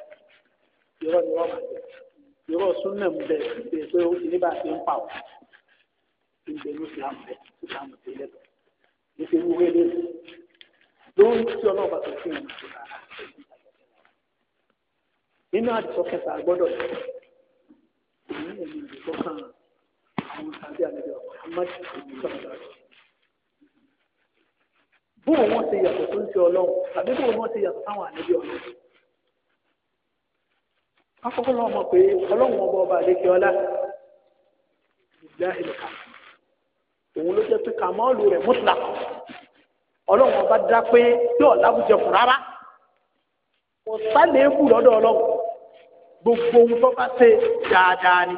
Speaker 1: irọ́ ni wọ́n máa jẹ irọ́ súnlẹ̀ ń bẹ pé pé ó ti ní bá a ti ń pa ọ́ ti ń bẹ ní ìsìlámù rẹ̀ ìsìlámù ti lẹ́tọ̀ ní ti wúwé lé lórí tí ọlọ́ọ̀bà tó fi hàn sí ara nínú àdìsọ́ kẹta gbọ́dọ̀ lọ èyí ẹ̀mí ìdìbò kan àwọn sábẹ́ àlejò Muhammad sọ̀rọ̀ bóun wọn ti yàtọ̀ tó ń ti ọlọ́run tàbí bóun wọn ti yàtọ̀ táwọn àlejò ọlọ́run. akọ́kọ́ ọmọ mọ̀ pé ọlọ́run ọba ọba àdékè ọlá ìgbà ìlẹ̀ka òun ló jẹ́ pé kàmọọlù rẹ mùsùlá ọlọ́run ọba dá pé tí fún rárá kò gbogbo ohun tó bá ṣe dáadáa ni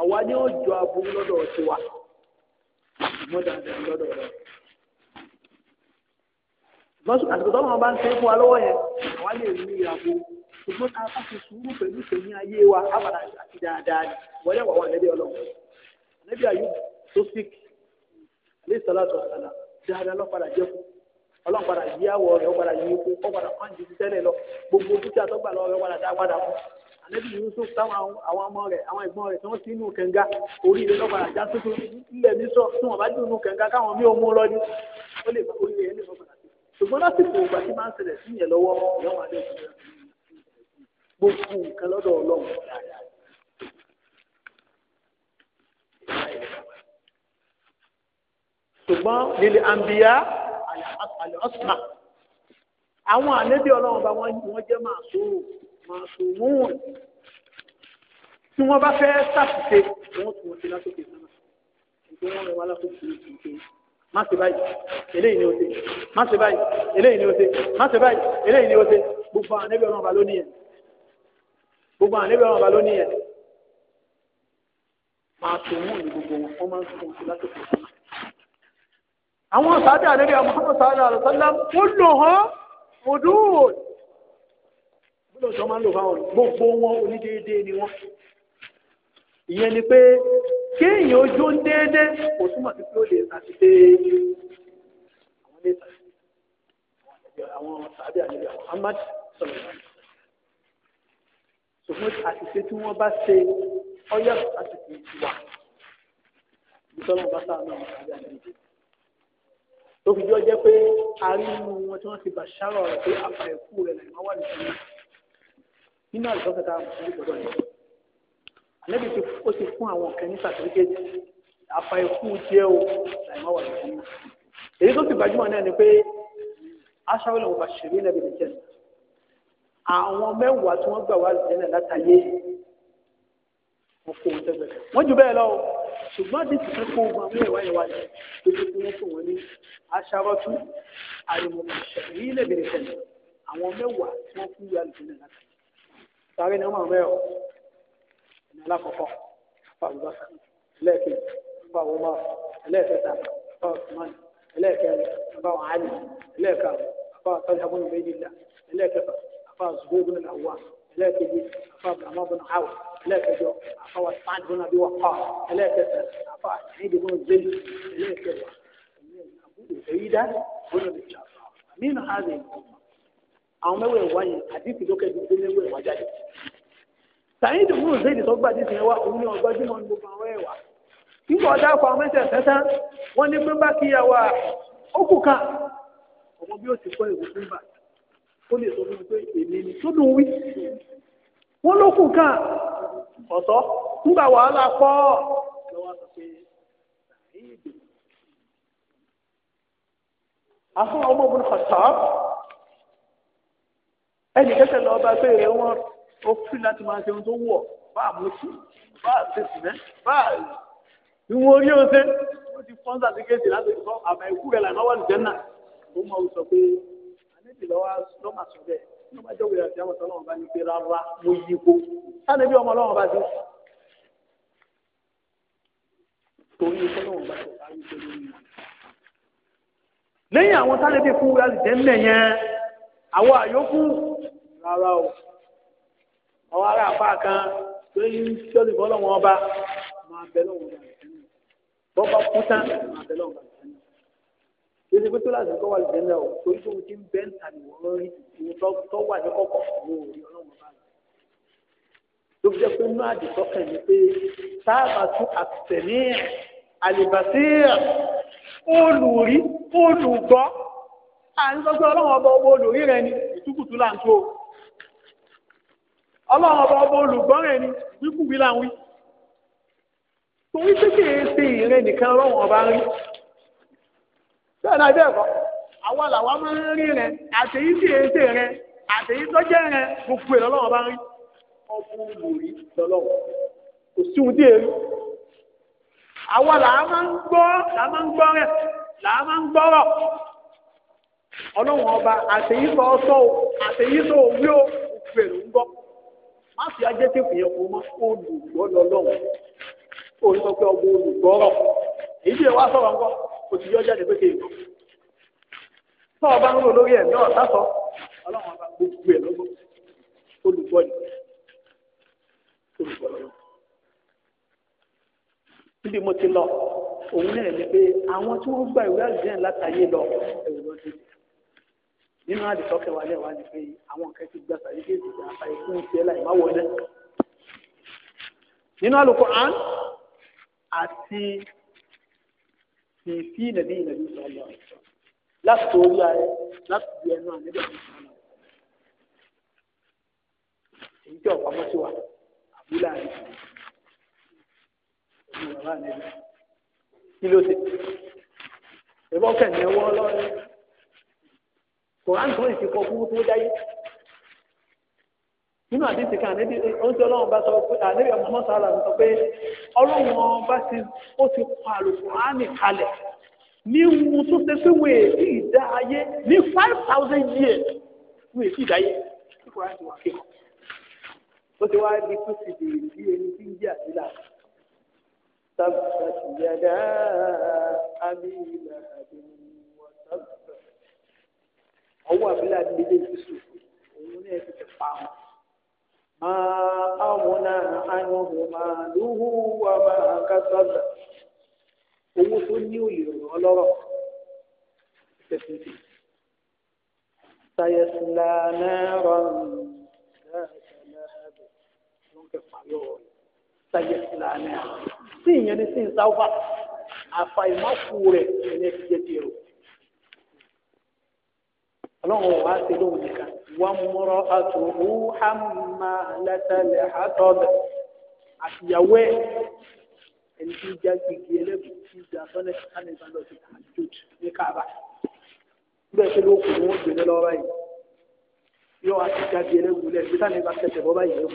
Speaker 1: àwa ni ó jọ aburú lọ́sùn àsìkò tọ́lọ́ wọn bá ń ṣe fún wa lọ́wọ́ yẹn wọ́n lè rí ìyàwó ṣùgbọ́n tá a bá ti sùúrù pẹ̀lú ìṣẹ̀yìn ayé wa abàdà àti dáadáa ni wọlé wà wà lẹ́bí ọlọ́run lẹ́bí ayé tó sick alẹ́ sọlá tó sọlá dáadáa lọ́padà jẹ́ fún ọlọ́run padà yí àwọ̀ rẹ̀ ó padà yí ikú ó padà kàn jù sísẹ́lẹ̀ lọ gbogbo dúkìá tó gbà lọ́wọ́ rẹ̀ padà dá padà fún alẹ́bí Yusuf táwọn àwọn ọmọ rẹ̀ àwọn ẹ̀gbọ́n rẹ̀ tí wọ́n ti inú kẹ̀ǹga orí ilé lọ́padà já sókè ilẹ̀ mi sọ tí wọ́n bá dùn inú kẹ̀ǹga káwọn mí ò mú lọ ní ó lè bá orí rẹ̀ ẹ̀ lè ṣùgbọ́n lásìkò ìgbà tí máa ń ṣẹlẹ̀ sí yẹn lọ́wọ́ ìyáwó adé òkúta gbogbo nǹkan lọ́dọ̀ ọlọ́run dáadáa. ṣùgbọ́n lílẹ̀ àǹbíyá àlọ́sùnà àwọn àlébí ọlọ́run bá wọ́n jẹ́ máa tó máa tó múùn tí wọ́n bá fẹ́ ṣàṣìṣe wọ́n tún wọn ṣe lásòkè sánà ìgbé wọn rẹ̀ wá lásòkè sánà má ṣe báyìí eléyìí ni ó ṣe má ṣe báyìí eléyìí ni ó ṣe má ṣe báyìí eléyìí ni ó ṣe gbogbo àwọn àníbẹ̀ ọ̀nà ọ̀bà ló níyẹn gbogbo àwọn àníbẹ̀ ọ̀nà ọ̀bà ló níyẹn máa tó mú ní gbogbo wọn wọ́n máa ń sọ wọn lásìkò sí. àwọn sáájà àníbẹ̀ Muhammad sallallahu alaihi wasallam ó lò hàn òdú gbọ́dọ̀ sọ máa ń lò fáwọn gbogbo wọn onídéédéé ni wọ́n ìyẹn ni pé kéèyàn ojú ń déédé kò túmọ̀ sí pé ó lè ta sí pé àwọn lè ta sí àwọn tàbí àlejò àwọn Muhammad sọ̀rọ̀ ìlànà ṣùgbọ́n àṣìṣe tí wọ́n bá ṣe ọyọ́ àṣìṣe ìwà ìtọ́nà bá sáà náà tàbí àlejò tó fi jọ jẹ́ pé arínú wọn tí wọ́n ti bà ṣárọ̀ rẹ̀ pé àfàìkú rẹ̀ lẹ́yìn wọ́n wà nìkan nínú àlùfọ́kẹ́ta àmọ́ ìgbọ́dọ̀ nìkan àlẹ́bí ti ó ti fún àwọn kan ní sàtífíkẹ́tì afa ikú jẹ́ o àìmọ́ wà lókun náà
Speaker 3: èyí tó ti gbajúmọ̀ náà ni pé
Speaker 1: aṣáwó lòun bá ṣeré náà bìbí jẹ́ àwọn mẹ́wàá tí wọ́n gbà wá lùdẹ́ náà látàyé wọn kó wọn tẹ́gbẹ̀ẹ́ wọ́n jù bẹ́ẹ̀ lọ ṣùgbọ́n àti ti fẹ́ kó ogun àwọn ẹ̀wá yẹn wá tó ti fún wọn fún wọn ní aṣáwó tún àìmọ̀mọ̀ ṣẹ̀rí náà bìbí jẹ́ àwọn mẹ́wàá tí wọ́n alákọ̀ọ́kọ́ àfa àlùbáṣà ẹlẹ́ẹ̀kejì àfa àwọn ọmọ ẹlẹ́ẹ̀kẹta àfa ọ̀sùnmáì ẹlẹ́ẹ̀kẹrin àfa àwọn àlì ẹlẹ́ẹ̀karùn àfa àtàlẹ́kùn ìbẹ́jìlá ẹlẹ́ẹ̀kẹfà àfa àzùgbé ibùn àwà ẹlẹ́ẹ̀keje àfa àbùnàmọ́ ibùn àwà ẹlẹ́ẹ̀kẹjọ àfa wà sáà ibùn àbí wà pa ẹlẹ́ẹ̀kẹsẹ̀ àfa àtẹ̀yìn ibùn zẹ́lì ẹlẹ́ẹ̀kẹwà ẹ̀yídá gbọ́dọ̀ lè jà nínú àárẹ̀ àwọn mẹ́wẹ̀ẹ̀wá yẹn àdìsí lókè sàyìn dùbú ṣèdí tó gbàdí sí wa òun ni ọgbàjúmọ̀ ní gbogbo àwọn ẹ̀wà nígbà ọ̀dà kọ àwọn ẹ̀sẹ̀ tẹ́tẹ́ wọ́n ní pé bá kí ya wa ó kù kan ọmọ bí ó ti kọ́ ìwé fún bà ó lè sọ fún mi pé èmi ni tó dùn wí wọ́n ló kù kan ọ̀tọ̀ nígbà wàhálà pọ̀ lọ́wọ́ sọ pé sàyìn dùbú. àfọwọ́ ọmọ ògùn kọ̀tọ́
Speaker 2: ẹnì kẹsẹ̀ lọ́ọ́ bá pé ìrẹ̀ wọn
Speaker 1: ó fi láti máa ṣe ohun tó wọ̀ bá àmúṣù bá àṣẹṣìnẹ́ bá ìwọ̀n orí ọ̀sẹ̀ ó ti fọ́n sàtíkéètì láti sọ àmà ikú rẹ̀ lànà wà ní jẹ́nà ó mọ̀ sọ pé àníbi lọ́wọ́ lọ́mà sọ bẹ́ẹ̀ ní ọba jọ́wọ́ ìrẹsì àwọn ọ̀sán náà bá ní pé rárá mo yí ipò sáni bí ọmọ ọlọ́wọ́ bá ti lẹ́yìn àwọn sáni bí fún wíwá lìjẹ́ ń bẹ̀ yẹn àwọn àyókù rárá o àwọn ará àpá kan tó ń sọ́ọ̀lì bọ́lọ̀ wọn ọba máa bẹ lọ́wọ́ ọba bọ́ba kú tán máa bẹ lọ́wọ́ ọba lórí pé tó láti kọ́ wà lùdẹ́ náà tó ń tóun ti ń bẹ́ ń ta ní wọ́n rí ìwọ tó wà ní kọ́kọ́ ní orí ọlọ́run bá rẹ̀ ló fi jẹ́ pé inú àdìsọ́ kàn ní pé sáàbà tún àtẹ̀mí àlìbàtí olùrí olùgbọ́ à ń sọ pé ọlọ́run ọba olùrí rẹ ni ìtúkùtù là ń tó o. ọlọ́run ọba ọba olùgbọ́rẹ̀ ni wíkúwí là ń wí. torí pé kì í ṣe nìkan ọlọ́run ọba rí. bẹ́ẹ̀ náà bẹ́ẹ̀ kọ́ àwa làwa máa ń rí rẹ àtẹ̀yí sì ń ṣe rẹ àtẹ̀yí tó jẹ́ rẹ gbogbo ẹ̀ lọ́lọ́run ọba rí. lọ́lọ́run kò sí ohun tí àwa làá máa ń gbọ́ làá má sì ajẹ́tẹ̀ fìyẹn kó mọ́ olùgbọ́ o ó sọ ọgbọ ọmọ èyí tí ẹ wá sọ̀rọ̀ ńkọ́ kò sì yọ jáde pé kéèyàn
Speaker 3: ọba ń lórí ẹ̀ náà sásọ
Speaker 1: ọlọ́run ọba lọ òun náà ni pé àwọn tí gba ìwé látàyè lọ nínú àdìsọ́kẹ̀ wa lẹ́wà ni pé àwọn kan ti gbà sàyè kéèké gbà sàyè fún tiẹ̀ láì má wọlé nínú Al-Qur'an àti fìfì nàbí nàbí sọlọ láti orí ayé láti di ẹnu àníbẹ̀ ní sọlọ èyí tí ọ̀pọ̀ mọ́tò wà àbúlé àyè ọmọ bàbá kí ló dé ìbọn kẹ̀ ní ẹwọ́ lọ́rẹ́. Kòrán tó ń ti kọ fún tó dáyé. Nínú àdìsí kan níbi oúnjẹ ọlọ́run bá sọ pé àlébí ọmọ mọ́sá àlà sọ pé ọlọ́run ọba ti ó ti pa àlùkùránì kalẹ̀ ní wọn tó ṣe pé wọ́n èdè ìdá ayé ní five thousand years wọ́n èdè ìdá ayé ní kòrán ti wà kéwàá ó ti wá di kú sí di ìdí ẹni tí ń jẹ àtìlá sábà ti yàdá
Speaker 2: àmì ìlà àdìmọ
Speaker 1: ọwọ́ àbílẹ̀ àdìlẹ̀
Speaker 2: ìfisù òun náà ti fi pa wọn.
Speaker 3: máa
Speaker 1: àwọnà àyànwò máa lùhù wà máa kásáàbà owó tó ní òye ràn án lọ́rọ̀ fẹ̀fẹ̀fẹ̀. sayasla náírà
Speaker 2: sayasla náírà sí ìyẹn ní sí ìsáwà
Speaker 1: àfàìmọ́kù rẹ̀ ẹ̀yẹ́ ti jẹ́ tiẹ̀ o ọlọ́run wá sí lóhùn nìkan wọ́n mọ́rọ́ àtúhù hàmà lẹ́tẹ̀lẹ̀ àtọ́bẹ̀ àtìyàwó ẹ̀ ẹni tí ń já gbígbí ẹlẹ́gùn tí ń já sọ́nẹ̀ sánẹ̀ bá lọ sí àjòjì ní káàbà
Speaker 3: bẹ́ẹ̀ ṣe ló kù ní wọ́n gbélé
Speaker 1: lọ́wọ́ báyìí yóò wá sí já gbígbí lẹ́ẹ̀ bí sánẹ̀ bá tẹ̀sẹ̀ bọ́ báyìí yóò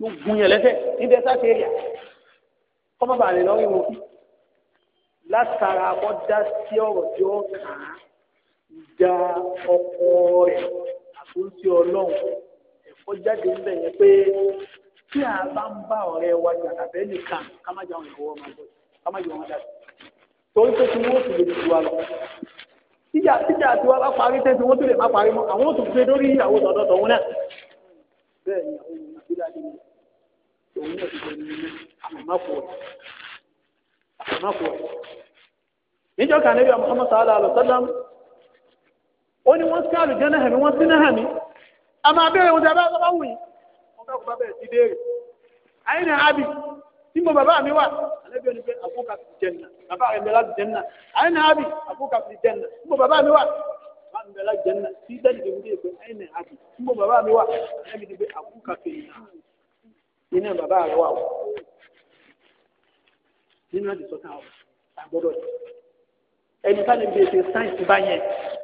Speaker 1: yóò gún yẹn lẹ́sẹ̀ níbi ẹ̀sà ti èrìà kọ́mọ́bàlẹ̀ lọ́wọ́ ìwòkú látara bọ́ sí ọ̀rọ̀ tí ó kàn án ìjà ọkọ rẹ̀ àtúntí ọlọ́run ẹ̀kọ́ jáde ń pé tí a bá ń bá ọ̀rẹ́ wa jà tàbí ẹnìkan ká má jà ká má jẹ wọn dà torí pé wọ́n fi lè lọ. tíjà tíjà tí wọ́n bá parí tẹ́sí wọ́n ni àwọn ènìyàn ti náà ti nínú níjọ́ ó ní wọ́n sí àlùjànnà hàn mí wọ́n sí náà hàn mí a máa béèrè wọn tí a bá sọ bá wù yín wọn bá kó bá bẹ̀rẹ̀ sí béèrè ayé ní abi tí mo bàbá mi wà alẹ́bí ẹni pé àbúkà fi jẹ́nà bàbá rẹ̀ mẹ́lá jẹ́nà ayé ní abi àbúkà fi jẹ́nà tí mo bàbá mi wà bàbá mi mẹ́lá tí sẹ́ni tó ń bí èpè ayé ní abi tí mo bàbá mi wà alẹ́bí ẹni pé àbúkà fi iná iná bàbá rẹ̀ wà wọ́ nínú àdìsọ́tà àgbọ́dọ̀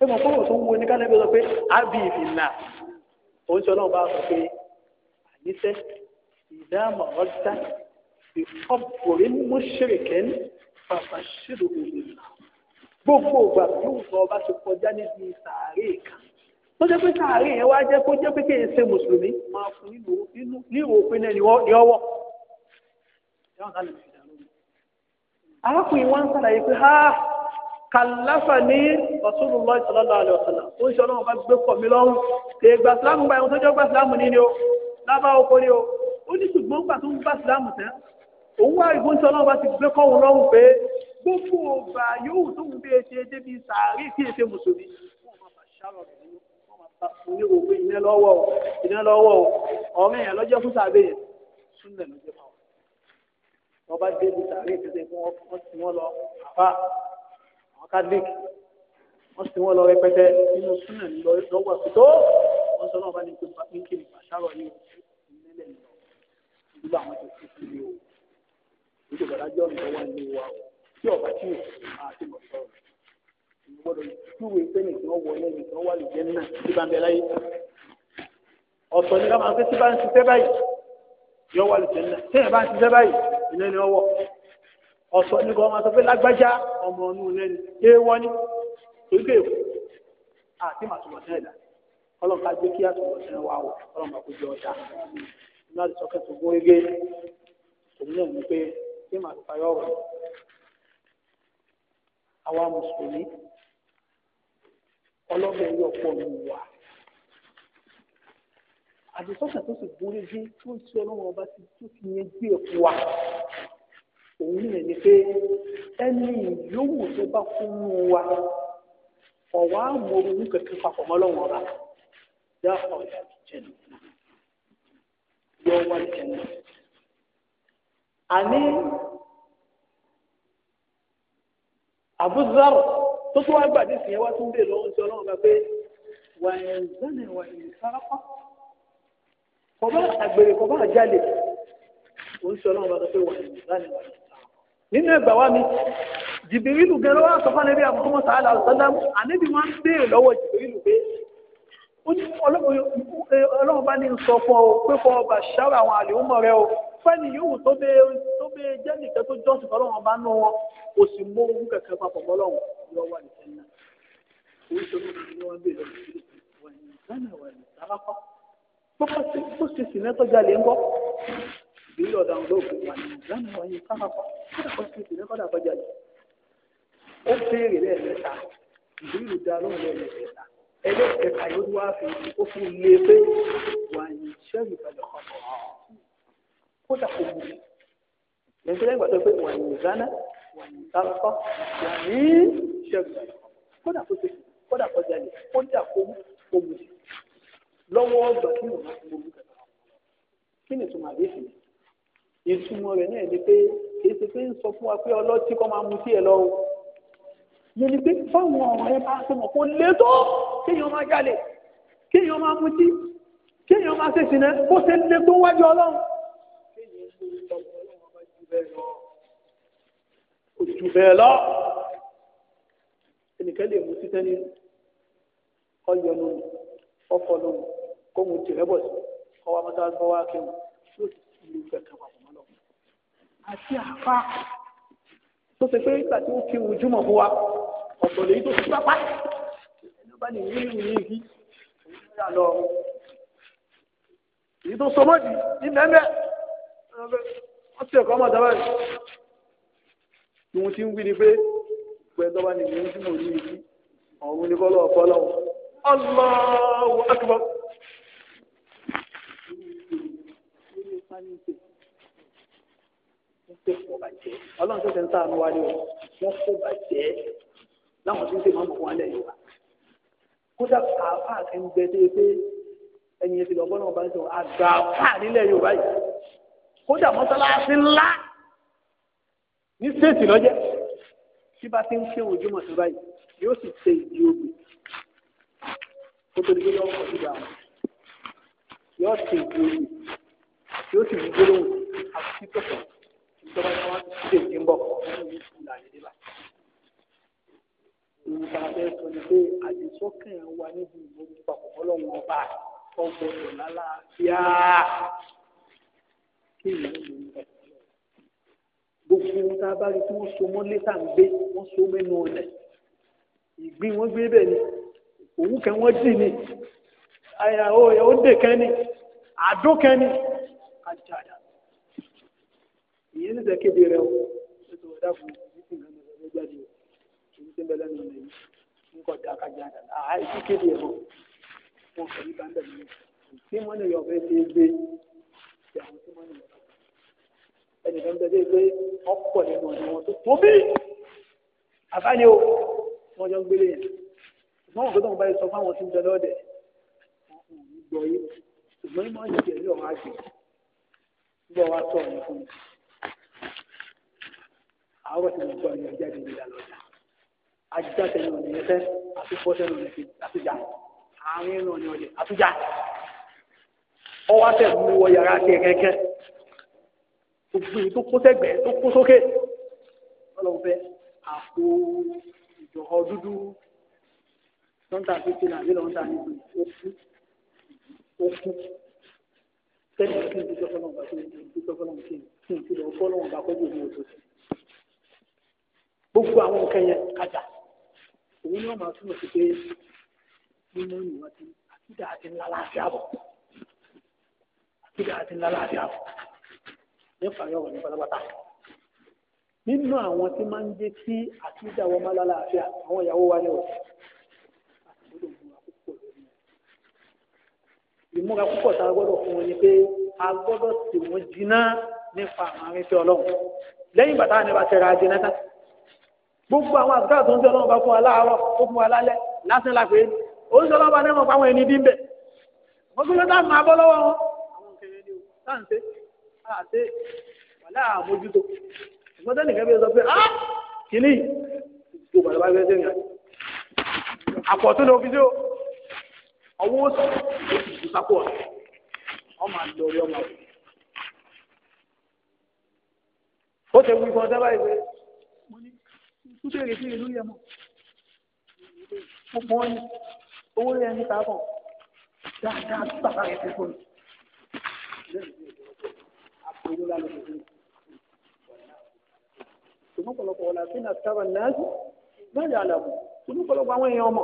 Speaker 1: ṣé mo kọ́wọ́ tó wo ní kálẹ̀ bí ó sọ pé ábì ìfìlà òun ṣe ọlọ́run bá sọ pé àníṣe ìdáàmú ọ̀dá ìfọ̀bùrí mú ṣèrèkẹ́ ní bàbá ṣèlú òun gbogbo ògbà yóò sọ ọba ti kọjá níbi sàárè kan
Speaker 2: tó jẹ́ pé sàárè
Speaker 1: yẹn wá jẹ́ kó jẹ́ pé kéèyàn ṣe mùsùlùmí máa fún nínú níwò pé náà ni ọwọ́
Speaker 2: arákùnrin wa ń sàlàyé pé ha
Speaker 1: kàlàfà ní Rasulullah sallallahu alaihi wasallam tó ń ṣe ọlọ́run bá gbé pọ̀ mí lọ́rùn kè é gba sílámù gba ẹ̀wọ̀n tó jọ́ gba sílámù ní ni o lábá oko ni o ó ní ṣùgbọ́n gbà tó ń gba sílámù tán òun wá ìbò ń ṣe ọlọ́run bá ti gbé kọ́ òun lọ́rùn pé gbogbo ọba yóò tó ń bẹ́ẹ̀ ṣe débi sàárè kí èsè mùsùlùmí àwọn catholic wọ́n sì wọ́n lọ rẹpẹtẹ nínú súnà lọ́wọ́ àkótó wọ́n sọ náà bá ní pé pínpín ìpàṣàrọ̀ ní ìlẹ́lẹ̀ lọ nígbà wọn ti fi o nígbà bàbá jọ ní wa o tí ọba tí yóò fi máa ti lọ sọ̀rọ̀ ìgbọ́dọ̀ túwèé sẹ́ni tí wọ́n wọlé ní tí wọ́n wà lè jẹ́ náà tí bá ń bẹ láyé
Speaker 3: ọ̀sọ̀ ni ká máa fẹ́ tí bá ń ṣiṣẹ́ báyìí
Speaker 1: yọ wà lè jẹ́ náà tẹ́yìn bá ń ṣiṣẹ́ báyìí ìlẹ́ni ọwọ́ ọ̀sọ̀ ní kọ́ máa sọ pé lágbájá ọmọ ọ̀nù lẹ́nu ewọ́ ní ìgbé èkó àti màtúmọ̀tán ẹ̀dá ọlọ́run ká gbé kí àtúmọ̀tán wà wọ̀ ọlọ́run bá kó jẹ ọjà nínú àti sọkẹ́ tó gún régé òun náà ní pé kí màá parí ọ̀rọ̀ àwa mùsùlùmí ọlọ́run yóò pọ̀ nù wà àdìsọ́kàn tó sì gún régé tó ń ṣe ọlọ́run ọba tó ti yẹn gbé èkó wa òun yìí ni pé ẹni yòówù tó bá kún un wa ọ̀wá àmọ́rúurú kankan papọ̀ mọ́lọ́wọ́n ọba dá ọ̀yà jẹ̀nu
Speaker 2: yọ wá jẹ̀nu.
Speaker 1: àní àbúzárò tó tó wá gbàdí sí yẹn wá tún bè lọ́wọ́ sí ọlọ́run bá pé wàyẹn zánà wàyẹn sárápá kọ̀ọ̀bá àgbèrè kọ̀ọ̀bá àjálè òun sí ọlọ́run bá pé wàyẹn zánà wàyẹn nínú ẹgbà wa mi jìbìrìlù gẹrẹ wa sọ fún ẹbí àkókò sàálà ọsọdá ànẹbí máa ń béèrè lọ́wọ́ jìbìrìlù pé Ọlọ́run bá ní sọ fún ọ pé fọ ọba ṣára àwọn àlèhùnmọ̀ rẹ o fẹ́ni yòówù tó bẹ tó bẹ jẹ́ nìkan tó jọ́sìn fọlọ́run ọba nù wọn kò sì mú owó kẹ̀kẹ́ papọ̀ fọlọ́run yọ wà ní sẹ́yìn náà oríṣiríṣi ni wọ́n béèrè lọ́wọ́ jìbìrìlù ìlú ọ̀dà àwọn olóògùn wà nínú lánàá wọn yìí kápákọ̀ kódà kó sí ìpínlẹ̀ kódà kọjá yìí. ó béèrè lẹ́ẹ̀mẹ́ta ìlú ìdá lóhùn lẹ́ẹ̀mẹ́ta ẹlẹ́ẹ̀kẹta yóò wá fi ó fi lé pé wà ní sẹ́yìn ìbàdàn kan kódà kò wù lẹ́yìn ìgbà tó pé wà ní ìdáná wà ní ìtàkọ́ wà ní sẹ́yìn ìbàdàn kódà kó sí kódà kọjá yìí kódà kó wù lọ́wọ́ ọgbà kí ni ìtumọ̀ àdéhùn ìtumọ̀ rẹ̀ náà ni pé kì í ṣe pé ń sọ fún wa pé ọlọ́tí kọ́ máa mutí ẹ̀ lọ o yẹn ni pé fáwọn ọ̀rọ̀ ẹ bá ṣe mọ̀ kó lé tó kéèyàn máa jalè kéèyàn máa mutí kéèyàn máa ṣe sìnà kó ṣe lé tó wájú ọlọ́run ojú bẹ́ẹ̀ lọ ẹnìkan lè mutí tẹ́ni ọyọ lónìí ọkọ lónìí kó mu tìrẹ́bọ̀ sí ọwọ́ amọ́tá gbọ́wọ́ akéwù yóò ti lè fẹ́ kẹwàá àti àfa tó ṣe pé nígbà tí ó fi ojú mọ̀ fún wa ọ̀pọ̀ lèyí tó fi pápá ẹni bá ní ìrírí ìrírí yìí ìrírí lọ èyí tó sọmọ́dì ní mẹ́mẹ́
Speaker 2: wọ́n ti ẹ̀kọ́ ọmọ ìjọba yìí
Speaker 1: ni wọ́n ti ń wí ni pé pẹ̀lú ọba nìyí ń túmọ̀ ní ìlú ọ̀run ní bọ́lọ̀ ọ̀pọ̀ lọ́wọ́ Allahu akbar. Thank you pé kò bàjẹ́ ọlọ́run tó ti ń sáànù wálé o wọ́n kò bàjẹ́ láwọn tí ń sèmọ́ mọ̀ wọn lẹ̀ yìí wá kódà àáfà kan gbẹ tó yẹ pé ẹ̀yìn ètò ìlọ́gbọ́n náà bá ń sọ àgbà àáfà nílẹ̀ Yorùbá yìí kódà mọ́sálásí ńlá ní stéètì lọ́jẹ́ tí bá ti ń ṣe òjúmọ̀ sí báyìí yóò sì ṣe ìdí ogun kó tó di pé yọ̀ọ́ kọ̀ yóò ṣe ìdí ogun yóò sì
Speaker 2: tọ́ba tí wọ́n ti ṣe ń bọ̀ nínú ìlú làyẹ̀dẹ́ bá.
Speaker 1: Yorùbá bẹ́ẹ̀ sọ ni pé àdìsọ́kàn wa níbi ìmọ̀jú papọ̀ ọlọ́run ọba ọgbọ̀dọ̀ lálàáfíà kí ìlú ìlú ń bọ̀. Gbogbo ohun tá a bá rí tí wọ́n so mọ́ létà ń gbé wọ́n so mẹ́nu ọ̀nà. Ìgbín wọn gbé bẹ́ẹ̀ ni, òwú kan wọ́n dì ní, àyà ó dè kan àdó kan ni, ìyẹn ní ìdẹ́kẹ́bí rẹ o ètò ọ̀dà fún mi ti nǹkan mẹ́ta jáde o èyí tí ń bẹ lẹ́nu ọ̀nà yìí ń kọ̀ dá kájà àdàlà àá èyí kéde ẹ̀rọ wọn kò ní bá ń bẹ̀ lọ́wọ́ tí wọ́n lè yọ ọ̀fẹ́ ṣe é gbé
Speaker 2: ti àwọn tí wọ́n lè yọ
Speaker 1: ẹnì kan bẹ gbé ọ̀pọ̀ nínú ọ̀nà wọn tó tóbi àbáni o wọ́n jọ ń gbélé yẹn ṣùgbọ́n wọn kò tó ń báyìí àárọ̀ tí wọ́n gbọ́ ẹni ọjà ìdílé ìdá lọ́jà ajá tẹnu ọ̀nà yẹn fẹ́ àtúbọ̀ tẹnu ọ̀nà kejì àtújà àárín ẹnu ọ̀nà ọ̀nà àtújà ọwọ́ tẹ̀ mú wọ yàrá tiẹ̀ kẹ́kẹ́
Speaker 2: gbogbo èyí tó kó sẹ́gbẹ̀ẹ́ tó kó sókè
Speaker 1: ọlọ́run fẹ́ àpò ìjọ̀họ́ dúdú lọ́ńtà fífi náà nílò lọ́ńtà níbi òkú òkú tẹ́lẹ̀ kí n dúpẹ́ fọlọ́run bá tó ń dúpẹ́ fọlọ́run kí n kí n ti lọ fọlọ́run bá kọ́jú mi ò tó gbogbo àwọn nǹkan yẹn kájà òun náà máa túmọ̀ sí pé nínú ìwà tí àkídà àti ńlá láàfin àbọ̀ àkídà àti ńlá láàfin àbọ̀ nípa yọ̀wọ̀ ní pátápátá nínú àwọn tí máa ń jẹ́ kí àkídà wọn máa lálàáfíà àwọn ìyàwó wa ni wọ́n ìmúra púpọ̀ tá a gbọ́dọ̀ fún wọn ni pé a gbọ́dọ̀ tì wọ́n jiná nípa àwọn arìnfẹ́ ọlọ́run lẹ́yìn bàtà ni bá tẹ̀ra jiná tán gbogbo àwọn àtúntà tó ń sọ lọ́wọ́ bá fún wa láàárọ̀ ó fún wa lálẹ́ lásán la pé ó ń sọ lọ́wọ́ bá náà mọ̀ fáwọn ẹni dín bẹ̀ wọ́n fi lọ́tà máa bọ́ lọ́wọ́ wọn.
Speaker 2: àwọn kẹrẹ ni o sáǹsẹ àṣẹ
Speaker 1: wàlẹ́ àmójútó ìgbọ́dọ̀ nìkan bí ó sọ pé á kìíní tó bàbá bá fẹ́ sẹ́yìn àti àpọ̀tún ní ọ́fíìsì o ọwọ́ ó sì ti sápò ọ̀rọ̀ ọmọ àti ọ̀rẹ́ ọmọ ó ti wí fún ọ ń béèrè fún ìlú yẹn mọ́ gbogbo ọyìn owó yẹn ń ta bọ̀ dáadáa tí bàbá rẹ̀ ti fún mi. Tùmọ̀pọ̀lọpọ̀ wọ̀lá sí náà sábà náà sí lọ́ọ̀yà àlàbò tùmọ̀pọ̀lọpọ̀ àwọn èèyàn ọmọ.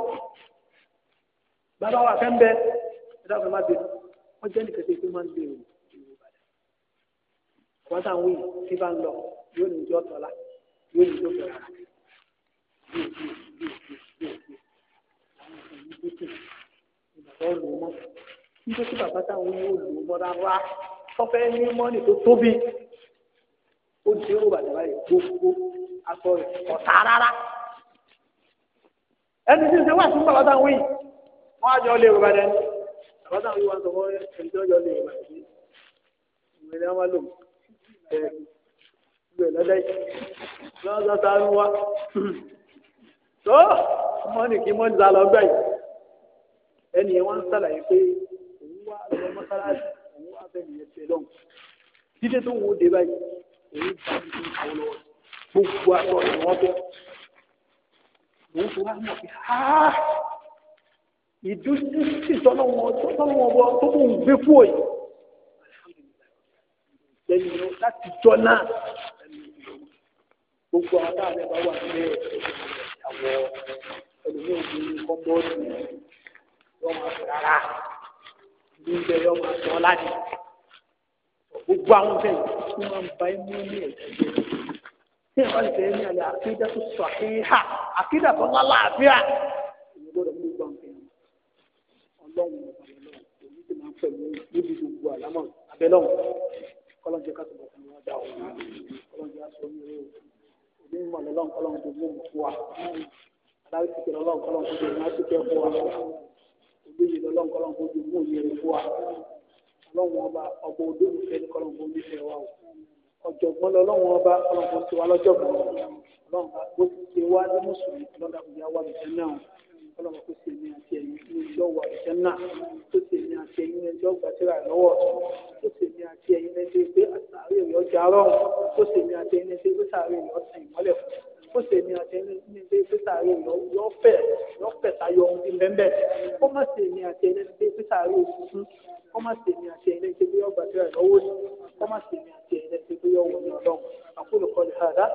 Speaker 1: Bàbá wa fẹ́ ń bẹ ẹ̀dá ọ̀fẹ́ máa bẹ̀rẹ̀ wọ́n jẹ́ nìkan tí máa ń bẹ̀rẹ̀ wọ́n táwọn wíì tí bá ń lọ yóò ní ìjọ tọ́lá yóò ní ìjọ tọ́lá nítorí tí bàbá táwọn yóò lò ó mọ́ rárá tọ́fẹ́ ní mọ́nì tó tóbi ó dé ó bàtà báyìí gbogbo aṣọ rẹ̀ ọ̀tá rárá ẹni tí ń ṣe wà fún bàbá táwọn yìí wọ́n á jọ lé bàbá rẹ̀ ní bàbá táwọn yìí wọ́n sọ fún ẹni tí wọ́n jọ lé bàbá rẹ̀ ní ìwé ni wọ́n máa lò ẹ̀ ìwé lọ́dẹ̀ yìí lọ́sọ̀tà ń wá tó ọmọ nìkí mọ́ ní sálọ gbẹ́ ẹnì yẹn wọ́n ń sàlàyé pé òun wá lọ mọ́sálásí òun wá bẹ́ẹ̀ nìyẹn ṣe lọ́hùn dídé tó ń wo dé báyìí òun bá mi fún àwọn lọ́wọ́ gbogbo àtọ̀ ìwọ́n bẹ́ẹ̀ òun tó wá mọ̀ pé háà ìdúsí sí tọ́lọ́wọ́ tọ́lọ́wọ́ tó kún un gbé fún òyìn lẹ́yìn láti jọ náà gbogbo àwọn táwọn ẹ̀ bá wà nílẹ̀ ẹ̀ àwọ̀ ẹlòmíì ní kọ́mbọ́ọ̀dù yóò máa fi rárá lóúnjẹ yóò máa tán láti gbogbo àwọn bẹ́ẹ̀ ni wọ́n máa ń ba ẹni ní ẹ̀jẹ̀ tí ẹ̀ wọ́n lè ní alẹ́ àkídà tó sọ àkíhà àkídà tó ńlá láàbíà ìgbọ́dọ̀ mú gbọ́n bẹ́ẹ̀ ọlọ́run ọ̀bà lọ́wọ́ èyí níbi gbogbo àlámọ̀ abẹ́lọ́wọ́ kọ́lọ́njẹ́ ká tó bọ̀ fún wọn dá òun kọ́lọ́njẹ́ á sọ ní ní mọ̀ lọ́n kọ́lọ́n tó mú fún wa aláwọ̀ ti kẹ̀lọ́ lọ́n kọ́lọ́n tó mú láti kẹ́ fún wa olóyè lọ́n kọ́lọ́n tó mú òye rẹ̀ fún wa ọlọ́run ọba ọba odó ìfẹ́ ní kọ́lọ́n tó nífẹ̀ wa o ọ̀jọ̀gbọ́n lọ́lọ́run ọba kọ́lọ́n tó ti wa lọ́jọ̀gbọ́n ọlọ́run bá gbó ti wá ní mùsùlùmí lọ́dà kùjá wà lùjẹ́ náà ọlọ́run kò sí èmi àti ẹ̀yin ní ẹjọ́ wà ìjẹ́ náà tó sì èmi àti ẹ̀yin ní ẹjọ́ gbàtíra lọ́wọ́ tó sì èmi àti ẹ̀yin ní ẹjọ́ pé àtàrí èyí ọjà rọrùn tó sì àti ẹ̀yin ní ẹjọ́ pé sàárè èyí ọ̀sìn ìmọ́lẹ̀ fún ó sì èmi àti ẹ̀yin ní ẹjọ́ pé sàárè yọ fẹ̀ yọ fẹ̀ tayọ ohun ti bẹ́ẹ̀ ó má sì èmi àti ẹ̀yin ní ẹjọ́ pé sàárè òkùnkùn ó má sì èmi àti ẹ̀yin ní ẹjọ́ pé yọ gbàtíra lọ́wọ́ ó má sì èmi àti ẹ̀yin ní ẹjọ́ pé yọ wọlé ọlọ́run àkúlù kọ́ni hàdá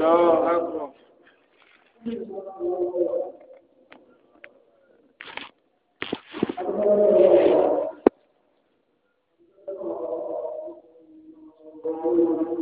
Speaker 1: Allahu akbar.
Speaker 2: Thank you.